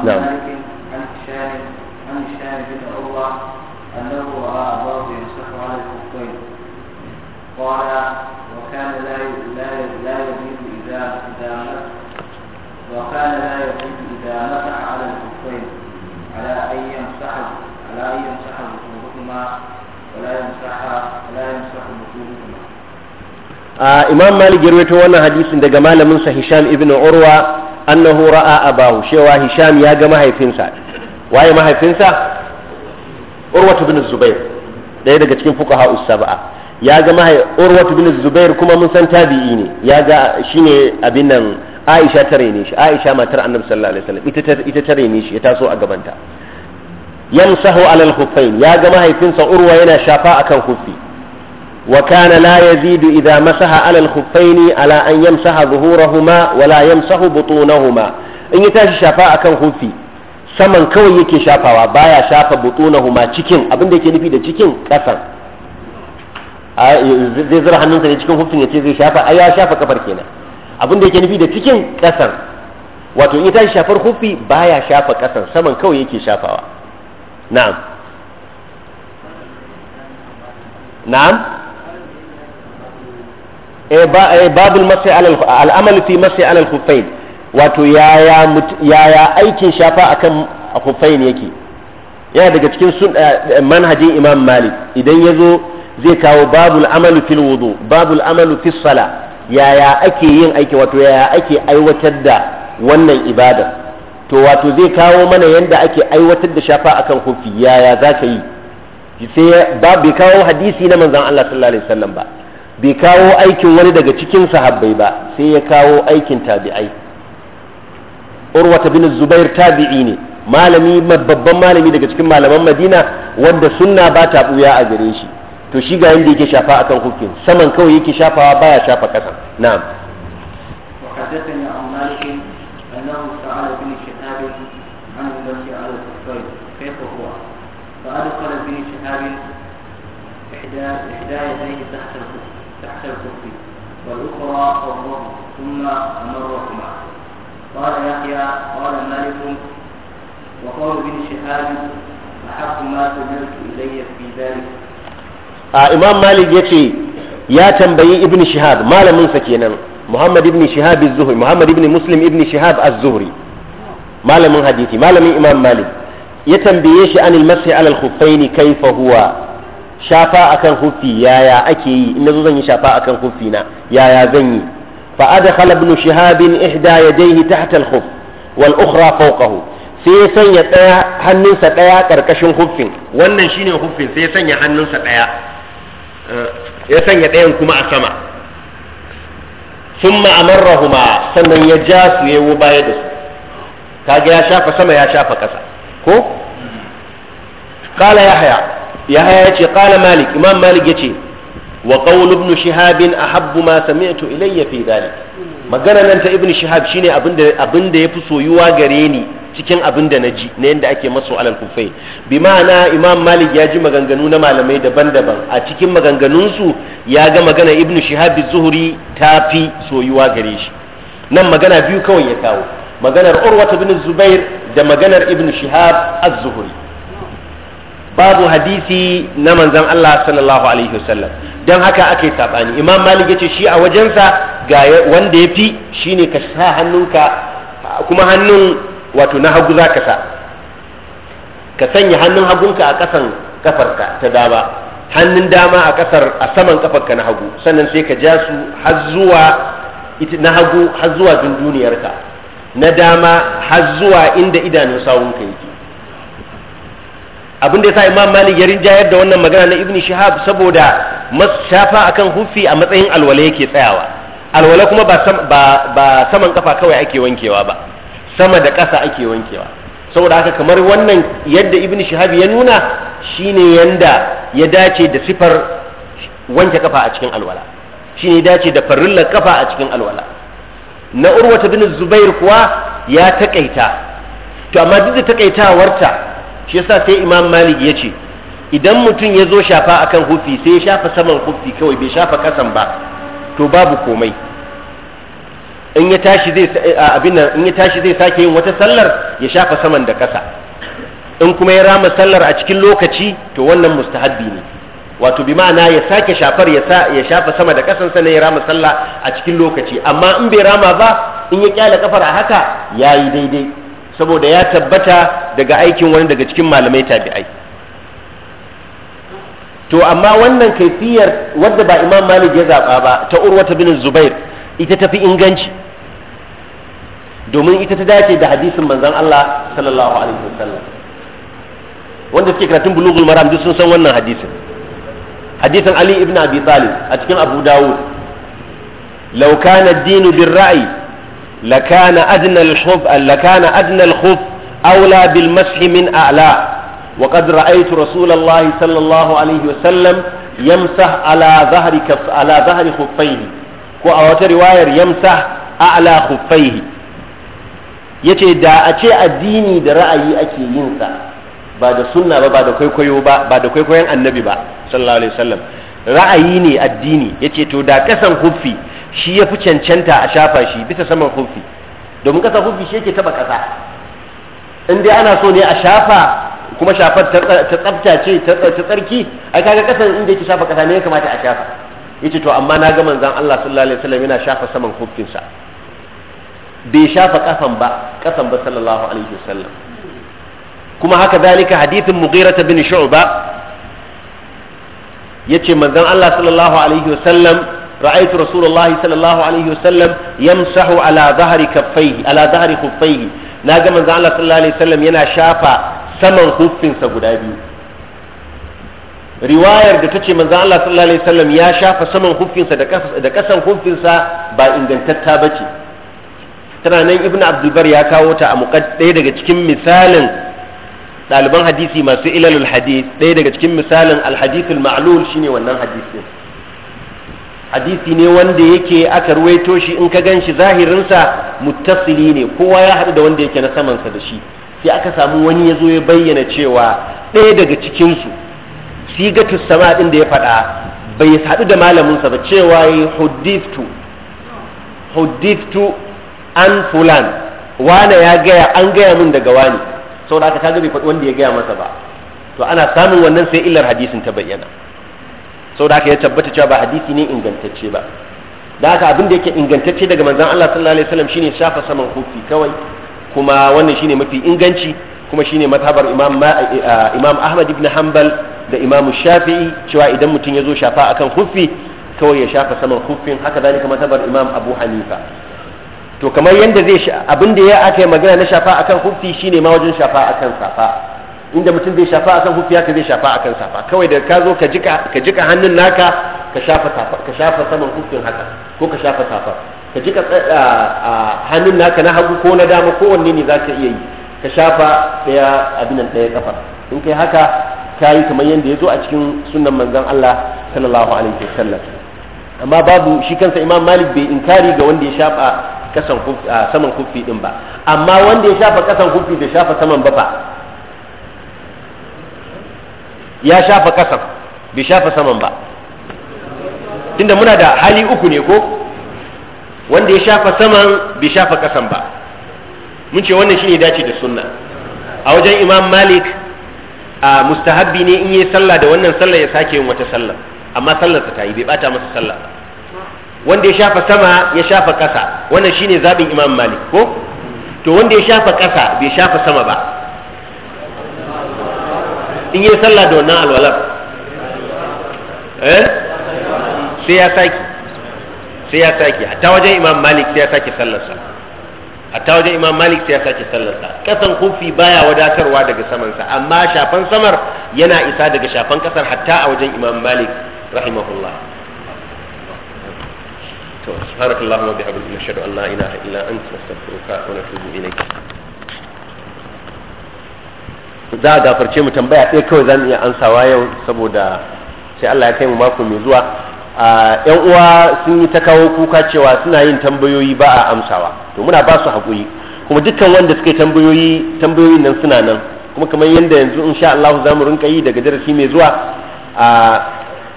نعم الأخرى أنه رأى أباه يمسح على الخفين قال وكان لا لا لا يبيت إذا إذا وكان لا يبيت إذا مسح على الخفين على أن يمسح على أن يمسح وجوههما ولا يمسح ولا يمسح وجوههما Imam Malik ya rawaito wannan hadisin daga malamin sa Hisham ibn Urwa annahu ra'a abahu cewa Hisham ya ga mahaifinsa waye mahaifinsa urwatu bin zubair ɗaya daga cikin fuqaha us-sab'a ya ga mahai urwatu bin zubair kuma mun san tabi'i ne ya ga shine abin nan aisha ta ne shi aisha matar annabi sallallahu alaihi wasallam ita ita ta ne shi ya taso a gaban ta yamsahu alal khuffain ya ga mahaifinsa urwa yana shafa akan khuffi wa kana la yazidu idha masaha alal khuffain ala an yamsaha zuhurahuma wa la yamsahu butunahuma in ya tashi shafa akan khuffi saman kawai yake shafawa baya shafa butunahuma cikin abin da yake nufi da cikin kasan zai zura hannunsa ne cikin hufin ce zai shafa ai ya shafa kafar kenan abin da yake nufi da cikin kasan wato in ta shafar hufi baya shafa kasan saman kawai yake shafawa na'am na'am eh, eh babul masai alal amal fi masai alal khuffain wato yaya aikin shafa akan hufain yake yana daga cikin eh, eh, manhajin imam malik idan ya zo zai kawo babul amalu fil wudu babul amalu fil sala yaya ake yin aiki wato yaya ake aiwatar da wannan ibada to wato zai kawo mana yadda ake aiwatar da shafa akan hufi yaya za ka yi sai ba bai kawo hadisi na manzon Allah sallallahu alaihi wasallam ba bai kawo aikin wani daga cikin sahabbai ba sai ya kawo aikin tabi'ai urwata bin zubair tabi'i ne malami babban malami daga cikin malaman madina wanda sunna ba ta buya a gare shi to shi ga yanda yake shafa akan hukin saman kawai yake shafawa baya shafa kasa na'am ابن شهاب يديه تحت ثم أمرهما قال يحيى قال مالك وقول ابن شهاب أحق ما سمعت إلي في ذلك آه إمام مالك يتي يا تنبي ابن شهاب ما لم سكينا محمد ابن شهاب الزهري محمد ابن مسلم ابن شهاب الزهري ما لم حديثي ما لم إمام مالك ya tambaye shi anil masai alal khuffaini kaifa huwa shafa akan huffi yaya ake yi in nazo zan yi shafa akan huffi na yaya zan yi فأدخل ابن شهاب إحدى يديه تحت الخف والأخرى فوقه sai ya sanya ɗaya hannunsa ɗaya ƙarƙashin huffin wannan shine huffin sai ya sanya hannunsa ɗaya ya sanya ɗayan kuma a sama sun ma'amarrahuma sannan ya ja su ya da su kaga ya shafa sama ya shafa ƙasa ko kala yahya yahya ya ce kala malik malik ya ce wa qawl ibn shihab ahabbu ma sami'tu ilayya fi dhalik magana nan ta ibn shihab shine abinda abinda yafi soyuwa gare ni cikin abinda naji na yanda ake maso alal kufai bi ma'ana imam malik ya ji maganganu na malamai daban-daban a cikin maganganun su ya ga magana ibn shihab az-zuhri ta fi soyuwa gare shi nan magana biyu kawai ya kawo maganar urwa ibn zubair da maganar ibn shihab az-zuhri babu hadisi na manzon Allah sallallahu alaihi wasallam don haka ake saɓani imam malik ya ce shi a wajensa ga wanda ya fi shi ne ka sa hannunka kuma hannun wato na hagu za ka sa ka sanya hannun hagunka a ƙasan kafarka ta dama hannun dama a kasar a saman kafarka na hagu sannan sai ka ja su har zuwa na hagu har zuwa dunduniyarka na dama har zuwa inda idanun sawunka yake abin da ya sa imam malik ya rinjayar da wannan magana na ibn shahab saboda shafa akan hufi a matsayin alwala yake tsayawa alwala kuma ba ba saman kafa kawai ake wankewa ba sama da ƙasa ake wankewa saboda haka kamar wannan yadda ibn shahab ya nuna shine yanda ya dace da sifar wanke kafa a cikin alwala shine ya dace da farillar kafa a cikin alwala na urwata bin zubair kuwa ya takaita to amma duk da takaitawarta shi yasa sai imam malik ya ce idan mutum ya zo shafa akan hufi sai ya shafa saman hufi kawai bai shafa kasan ba to babu komai in ya tashi zai eh, abin nan in ya tashi zai sake yin wata sallar ya shafa saman da kasa in kuma ya rama sallar a cikin lokaci to wannan mustahabbi ne wato bi ma'ana ya sake shafar ya sa ya shafa sama da kasan sa ne ya rama sallah a cikin lokaci amma in bai rama ba in ya kyale kafar a haka yayi daidai saboda ya tabbata daga aikin wani daga cikin malamai tabi'ai to amma wannan kaifiyar wadda ba imam malik ya zaɓa ba ta urwata bin zubair ita tafi inganci domin ita ta dace da hadisin manzon Allah sallallahu alaihi wasallam wanda suke karatun bulughul maram duk sun san wannan hadisin hadisin Ali ibn Abi Talib a cikin Abu Dawud law kana ad-din bil ra'i lakana adna al-khuf lakana adna al aula bil mashi min a'la wa qad ra'aytu sallallahu alaihi wa sallam yamsah ala dhahri kaf ko a wata riwayar yamsa a'la yace da a ce addini da ra'ayi ake yin sa ba da sunna ba ba da kwaikwayo ba ba da kwaikwayon annabi ba sallallahu alaihi wasallam ra'ayi ne addini yace to da kasan huffi shi ya fi cancanta a shafa shi bisa saman hufi domin kasa hufi shi yake taba kasa in dai ana so ne a shafa kuma shafar ta tsafta ce ta tsarki ai kaga kasan inda yake shafa kasa ne ya kamata a shafa yace to amma na ga manzon Allah sallallahu alaihi wasallam yana shafa saman sa bai shafa kafan ba kasan ba sallallahu alaihi wasallam kuma haka zalika hadithin mughirah bin shu'ba yace manzon Allah sallallahu alaihi wasallam رأيت رسول الله صلى الله عليه وسلم يمسح على ظهر كفيه على ظهر خفيه ناجا من زعل صلى الله عليه وسلم ينا شافا سمن خفين سجدابي riwayar da ta ce manzo Allah sallallahu alaihi wasallam ya shafa saman huffinsa da kasan huffinsa ba ingantatta ba ce tana nan ibnu abdulbar ya kawo ta a muqad ɗaya daga cikin misalin ɗaliban hadisi masu ilalul hadith ɗaya daga cikin misalin alhadithul ma'lul shine wannan hadisin hadisi ne wanda yake aka ruwaito shi in ka gan shi zahirinsa muttasili ne kowa ya haɗu da wanda yake na sa da shi sai aka samu wani ya zo ya bayyana cewa ɗaya daga cikinsu ga sama ɗin da ya faɗa bai haɗu da malaminsa ba cewa yi huddiftu huddiftu an fulan wane ya gaya an gaya min daga wani saboda aka kaga bai faɗi wanda ya gaya masa ba to ana samun wannan sai illar hadisin ta bayyana saboda haka ya tabbata cewa ba hadisi ne ingantacce ba da haka abin da yake ingantacce daga manzon Allah sallallahu alaihi wasallam shine shafa saman kofi kawai kuma wannan shine mafi inganci kuma shine mazhabar imam imam Ahmad ibn Hanbal da imam Shafi'i cewa idan mutum ya zo shafa akan kufi kawai ya shafa saman kufin haka zalika mazhabar imam Abu Hanifa to kamar yanda zai abin da ya aka yi magana na shafa akan kufi shine ma wajen shafa akan safa inda mutum zai shafa a kan hufiya ka zai shafa a kan safa kawai da ka zo ka jika hannun naka ka shafa saman hufin haka ko ka shafa safa ka jika eh, hannun naka na hagu ko na dama ko wanne ne za ka iya yi ka shafa daya abinan daya kafa in kai haka ka yi kamar yadda ya zo a cikin sunan manzan Allah sallallahu alaihi wa sallam amma babu shi kansa Imam Malik bai inkari ga wanda ya shafa kasan saman kufi din ba amma wanda ya shafa kasan kufi da shafa saman ba ya shafa kasan bai shafa saman ba tunda muna da hali uku ne ko wanda ya shafa saman bai shafa kasan ba mun ce wannan shine dace da sunna a wajen imam malik a mustahabbi ne in yi sallah da wannan sallah ya sake yin wata sallah amma sallarsa ta yi bai bata masa sallah wanda ya shafa sama ya shafa kasa wannan shine zabin imam malik ko to wanda ya shafa kasa bai shafa sama ba in yi sallah da wannan alwalar eh sai ya saki sai ya saki hatta wajen imam malik sai ya saki sallarsa hatta wajen imam malik sai ya saki sallarsa kasan kufi baya wadatarwa daga samansa amma shafan samar yana isa daga shafan kasar hatta a wajen imam malik rahimahullah to za a gafarce mu tambaya ɗaya kawai za mu iya ansawa yau saboda sai Allah ya kai mu mako mai zuwa yan uwa sun yi ta kawo kuka cewa suna yin tambayoyi ba a amsawa to muna ba su haƙuri kuma dukkan wanda suka yi tambayoyi tambayoyin nan suna nan kuma kamar yadda yanzu insha Allah za mu rinka yi daga darasi mai zuwa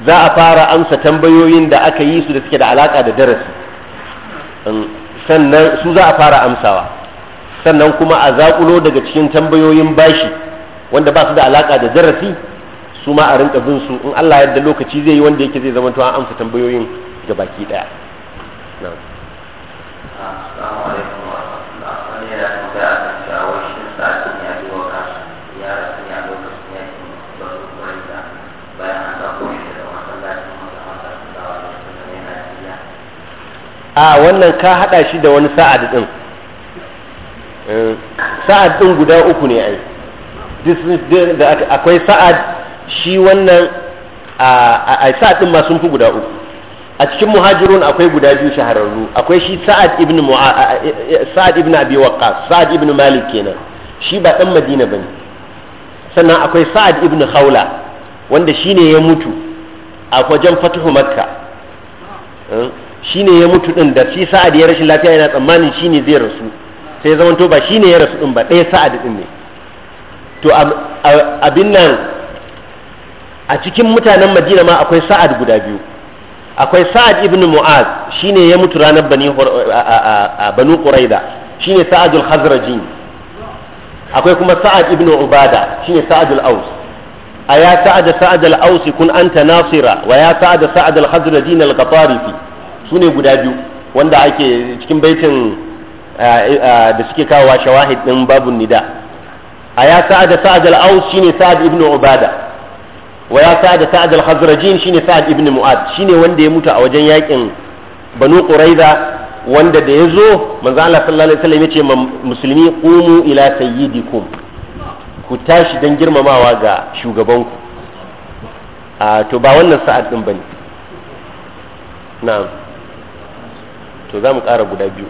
za a fara amsa tambayoyin da aka yi su da suke da alaka da darasi sannan su za a fara amsawa sannan kuma a zaƙulo daga cikin tambayoyin bashi wanda ba su da alaka da darasi su ma a rinka bin su in Allah yadda lokaci zai yi wanda yake zai zama to an amsa tambayoyin ga baki daya a wannan ka hada shi da wani sa'ad din eh, sa'ad din guda uku ne ai da akwai sa'ad shi wannan a sa'ad din ma sun fi guda uku a cikin muhajirun akwai guda biyu shahararru akwai shi sa'ad ibn e, e, sa'ad ibn abi waqqas sa'ad ibn malik kenan shi ba dan madina bane sannan akwai sa'ad ibn khawla wanda shine ya mutu a wajen fatuhu makka hmm? shine ya mutu din da shi sa'ad ya rashin lafiya yana tsammanin shine zai rasu sai to ba shine ya rasu din ba ɗaya sa'ad din ne to abin nan a cikin mutanen madina ma akwai sa'ad guda biyu akwai sa'ad ibn mu'az shine ya mutu ranar bani a banu quraida shine sa'adul khazrajin akwai kuma sa'ad ibn ubada shine sa'adul aus a ya sa'ada sa'adul aus kun anta nasira wa ya sa'ada sa'adul khazrajin al-qatarifi sune guda biyu wanda ake cikin baitin da suke kawo shawahid din babun nida a ya sa'ad sa'ad al-aus shine sa'ad ibn ubada wa ya sa'ad sa'ad al-khazrajin shine sa'ad ibn mu'ad shine wanda ya mutu a wajen yakin banu quraiza wanda da ya zo manzo Allah sallallahu alaihi wasallam yace musulmi qumu ila sayyidikum ku tashi dan girmamawa ga shugabanku a to ba wannan sa'ad din bane na'am to za mu ƙara guda biyu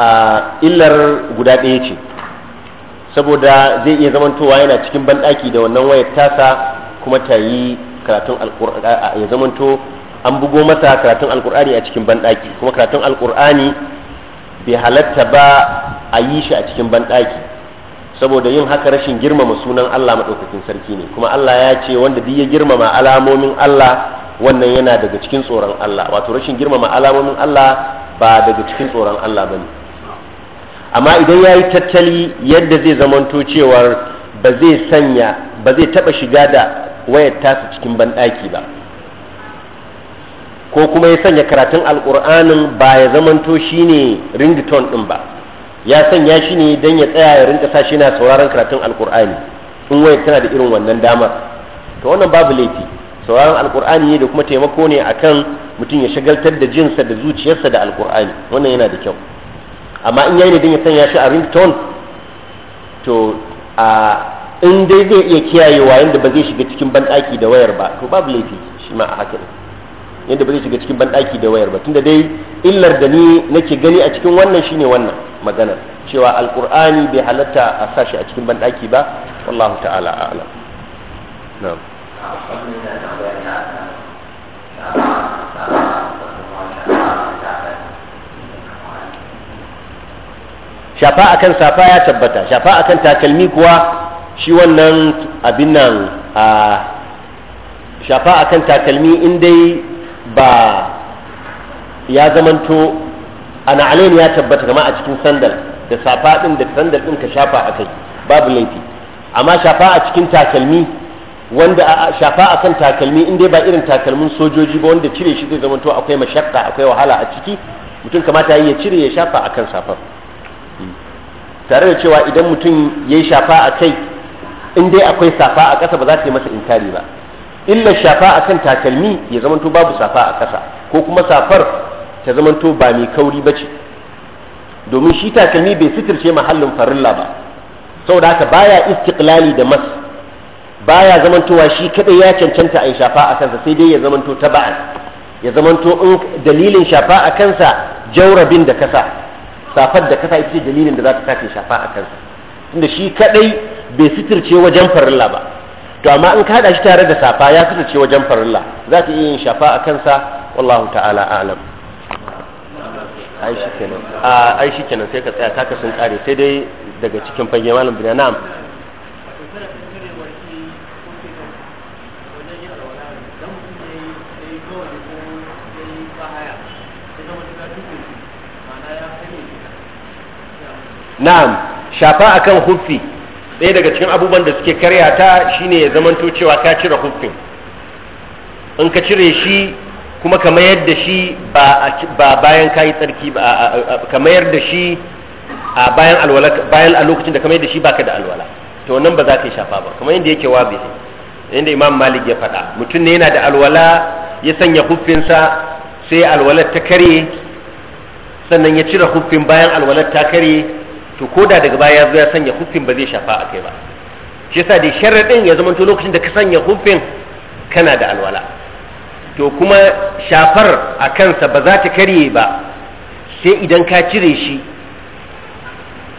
a illar guda ɗaya ce saboda zai iya zamantowa yana cikin banɗaki da wannan wayar tasa kuma ta yi karatun alƙur'ani ya zamanto an bugo masa karatun alƙur'ani a cikin banɗaki kuma karatun alƙur'ani bai halatta ba a yi shi a cikin banɗaki saboda yin haka rashin girmama sunan Allah maɗaukakin sarki ne kuma Allah ya ce wanda duk ya girmama alamomin Allah wannan yana daga cikin tsoron Allah wato rashin girmama alamomin Allah ba daga cikin tsoron Allah ba ne. amma idan ya yi tattali yadda zai zamanto cewar ba zai sanya ba zai taɓa shiga da wayar tasa cikin banɗaki ba ko kuma ya sanya karatun alƙur'anin ba ya zamanto shi ne ringtone ɗin ba ya sanya shi ne don ya tsaya ya rinka sa shi na sauraron karatun alƙur'ani in wayar tana da irin wannan damar to wannan babu laifi sauraron alƙur'ani ne da kuma taimako ne akan mutum ya shagaltar da jinsa da zuciyarsa da alƙur'ani wannan yana da kyau amma in yayi ne din ya sanya shi a ringtone to a in dai zai iya kiyayewa yadda ba zai shiga cikin banɗaki da wayar ba to babu laifi shi ma a haka ne yadda ba zai shiga cikin banɗaki da wayar ba tunda dai illar da ni nake gani a cikin wannan shine wannan maganar cewa alkur'ani bai halatta a sashi a cikin banɗaki ba wallahu ta'ala a'lam na'am shafa akan safa ya tabbata shafa akan takalmi kuwa shi wannan abin nan a shafa akan takalmi in dai ba ya zamanto ana alaini ya tabbata kama a cikin sandal da safa din da sandal din ka shafa a kai babu laifi amma shafa a cikin takalmi wanda a shafa a kan takalmi in dai ba irin takalmin sojoji ba wanda cire shi zai zamanto akwai mashakka akwai wahala a ciki mutum kamata ya cire ya shafa a kan safar tare da cewa idan mutum ya yi shafa a kai in dai akwai safa a ƙasa ba za ta yi masa inkari ba illa shafa a kan takalmi ya zamanto babu safa a ƙasa ko kuma safar ta zamanto ba mai kauri ba ce domin shi takalmi bai sitirce mahallin farilla ba saboda haka baya istiqlali da mas baya zamantowa shi kadai ya cancanta a yi shafa a kansa sai dai ya zamanto taba'an ya zamanto dalilin shafa a kansa jaurabin da kasa safar da kasa ita ce dalilin da za ta sake shafa a kansa tunda shi kadai bai sitirce wajen farilla ba to amma in ka hada shi tare da safa ya sitirce wajen farilla za ta iya yin shafa a kansa wallahu ta'ala a'lam ai kenan ai shi kenan sai ka tsaya ka sun kare sai dai daga cikin fage malam bin na'am na'am shafa akan huffi ɗaya daga cikin abubuwan da suke karya ta shine ya zamanto cewa ka cire huffin in ka cire shi kuma ka mayar da shi ba bayan ka yi tsarki ba ka mayar da shi a bayan alwala bayan a lokacin da ka mayar da shi baka da alwala to nan ba za ka yi shafa ba kamar yadda yake wabi yadda imam malik ya faɗa mutum ne yana da alwala ya sanya huffinsa sai alwalar ta karye sannan ya cire huffin bayan alwalar ta karye to ko da daga baya ya ya sanya hufin ba zai shafa a kai ba shi yasa dai sharaɗin ya zama to lokacin da ka sanya hufin kana da alwala to kuma shafar a kansa ba za ta karye ba sai idan ka cire shi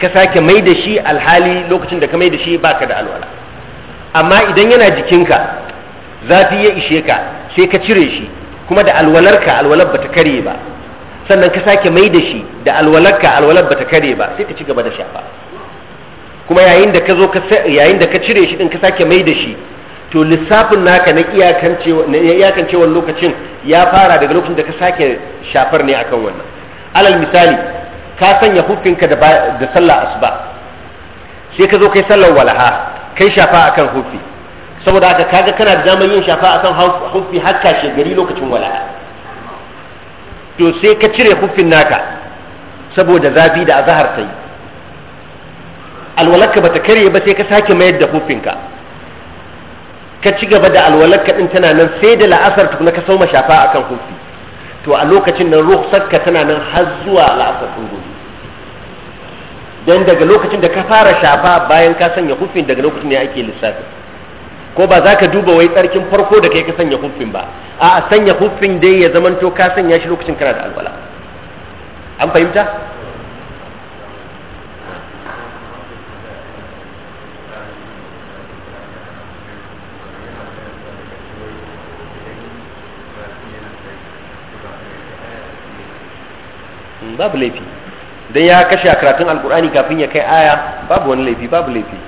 ka sake mai da shi alhali lokacin da ka mai da shi baka da alwala amma idan yana jikinka za ta iya ishe ka sai ka cire shi kuma da alwalarka alwalar ba ta karye ba sannan ka sake mai da shi da alwalarka alwalar bata kare ba sai ka ci gaba da shafa kuma yayin da ka zo ka yayin da ka cire shi din ka sake mai da shi to lissafin naka na iyakancewar lokacin ya fara daga lokacin da ka sake shafar ne akan wannan alal misali ka sanya hufinka da da sallah asuba sai ka zo kai sallar walaha kai shafa akan hufi saboda haka kaga kana da damar yin shafa akan hufi har kashe gari lokacin walaha to sai ka cire kuffin naka saboda zafi da azahar ta yi alwalarka bata karye ba sai ka sake mayar da huffinka ka ci gaba da alwalarka din tana nan sai da la'asar tukuna ka sauma shafa akan kuffi to a lokacin nan ruhsarka tana nan har zuwa la'asar din gobe dan daga lokacin da ka fara shafa bayan ka sanya kuffin daga lokacin ne ake lissafi ko ba za ka duba wai tsarkin farko da kai ka sanya huffin ba a sanya huffin dai ya zama to ka sanya shi lokacin kana da alwala an fahimta hmm, babu laifi don ya kashe a karatun alkur'ani kafin ya kai aya babu wani laifi babu laifi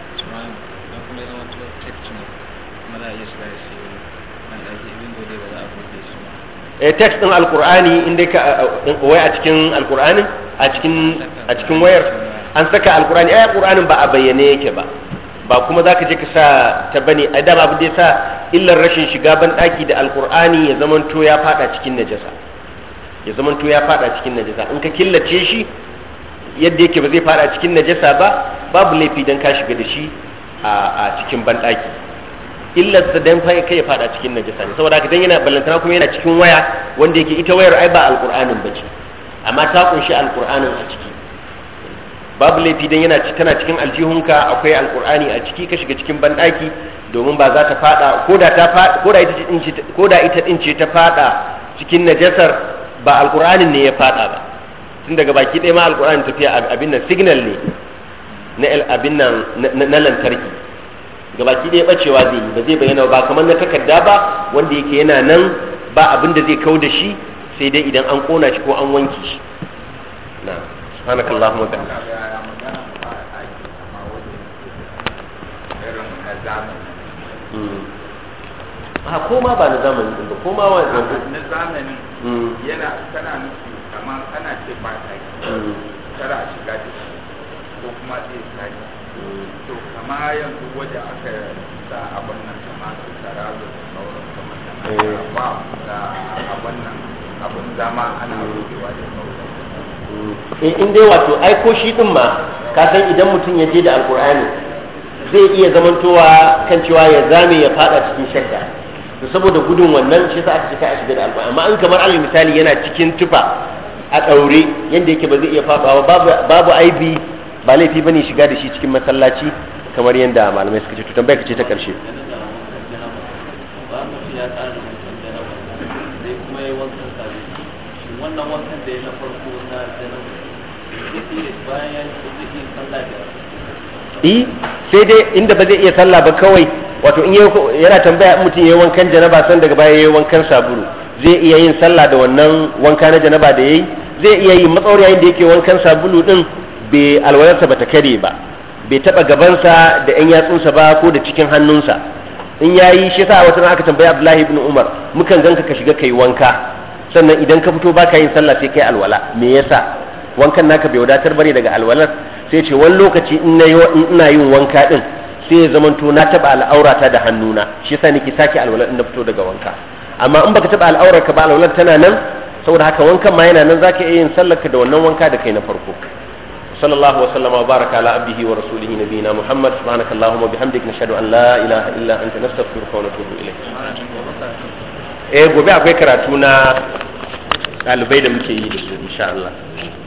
Eh, text din alkur'ani inda ka eh, wai a cikin alqur'ani a cikin a cikin wayar an saka alkur'ani ai alkur'anin ba a bayyane yake ba ba kuma zaka je ka sa ta bane ai da ba da sa illar rashin shiga ban daki da alkur'ani ya to ya fada cikin najasa ya to ya fada cikin najasa in ka killace shi yadda yake ba zai fada cikin najasa ba babu laifi dan ka shiga da shi a cikin ban daki illar da dan fai kai ya fada cikin najasa ne saboda haka dan yana ballantana kuma yana cikin waya wanda yake ita wayar ai ba alqur'anin bace amma ta kunshi alqur'anin a ciki babu laifi dan yana tana cikin aljihunka akwai alqur'ani a ciki ka shiga cikin bandaki domin ba za ta fada koda ta fada koda ita din ce koda ita din ce ta fada cikin najasar ba alqur'anin ne ya fada ba tun daga baki ɗaya ma alqur'ani tafiya abin nan signal ne na abin nan na lantarki gabaki ɗaya bacewa zai yi ba zai bayyana ba kamar na takarda ba wanda yake yana nan ba abin da zai kau da shi sai dai idan an kona shi ko an wanke shi na subhanakallahumma wa bihamdika ha hmm. ah, koma ba na zamani din ba koma wa na zamani hmm. yana tana nufi kamar ana ce ba ta hmm. tara shiga da shi ko kuma zai tsaya to kama yanzu wajen aka sa abin nan kama su tara da sauran kamar da eh. ba da abin nan abin zama ana rubewa da sauran eh, in dai wato aiko shi din ma ka san idan mutum ya je da alkur'ani zai iya zamantowa kan cewa ya zame ya fada cikin shakka to saboda gudun wannan shi sa aka cika a shiga da alkur'ani amma in kamar alal misali yana cikin tufa a daure yanda yake ba zai iya fadawa babu babu aibi ba laifi bane shiga da shi cikin masallaci kamar yadda malamai suka ce to tambayar ka ce ta karshe wannan ya yi sai dai inda ba zai iya sallah ba kawai wato in yana tambaya in mutum yayi wankan janaba san daga baya yayi wankan sabulu zai iya yin sallah da wannan wanka na janaba da yayi zai iya yi matsawar yayin da yake wankan sabulu din bai alwalarsa ba ta kare ba bai taba gabansa da yan yatsunsa ba ko da cikin hannunsa in ya yi shi a wata aka tambaya Abdullahi ibn Umar mukan ganka ka shiga kai wanka sannan idan ka fito baka yin sallah sai kai alwala me yasa wankan naka bai wadatar bane daga alwalar sai ce wani lokaci in ina yin wanka din sai ya zamanto na taba al'aurata da hannuna shi yasa nake sake alwalar in na fito daga wanka amma in baka taba al'aurar ka ba alwalar tana nan saboda haka wankan ma yana nan zaka iya yin sallar ka da wannan wanka da kai na farko وصلى الله وسلم وبارك على عبده ورسوله نبينا محمد سبحانك اللهم وبحمدك نشهد ان لا اله الا انت نستغفرك ونتوب اليك eh gobe akwai karatu na ɗalibai da muke yi da su insha Allah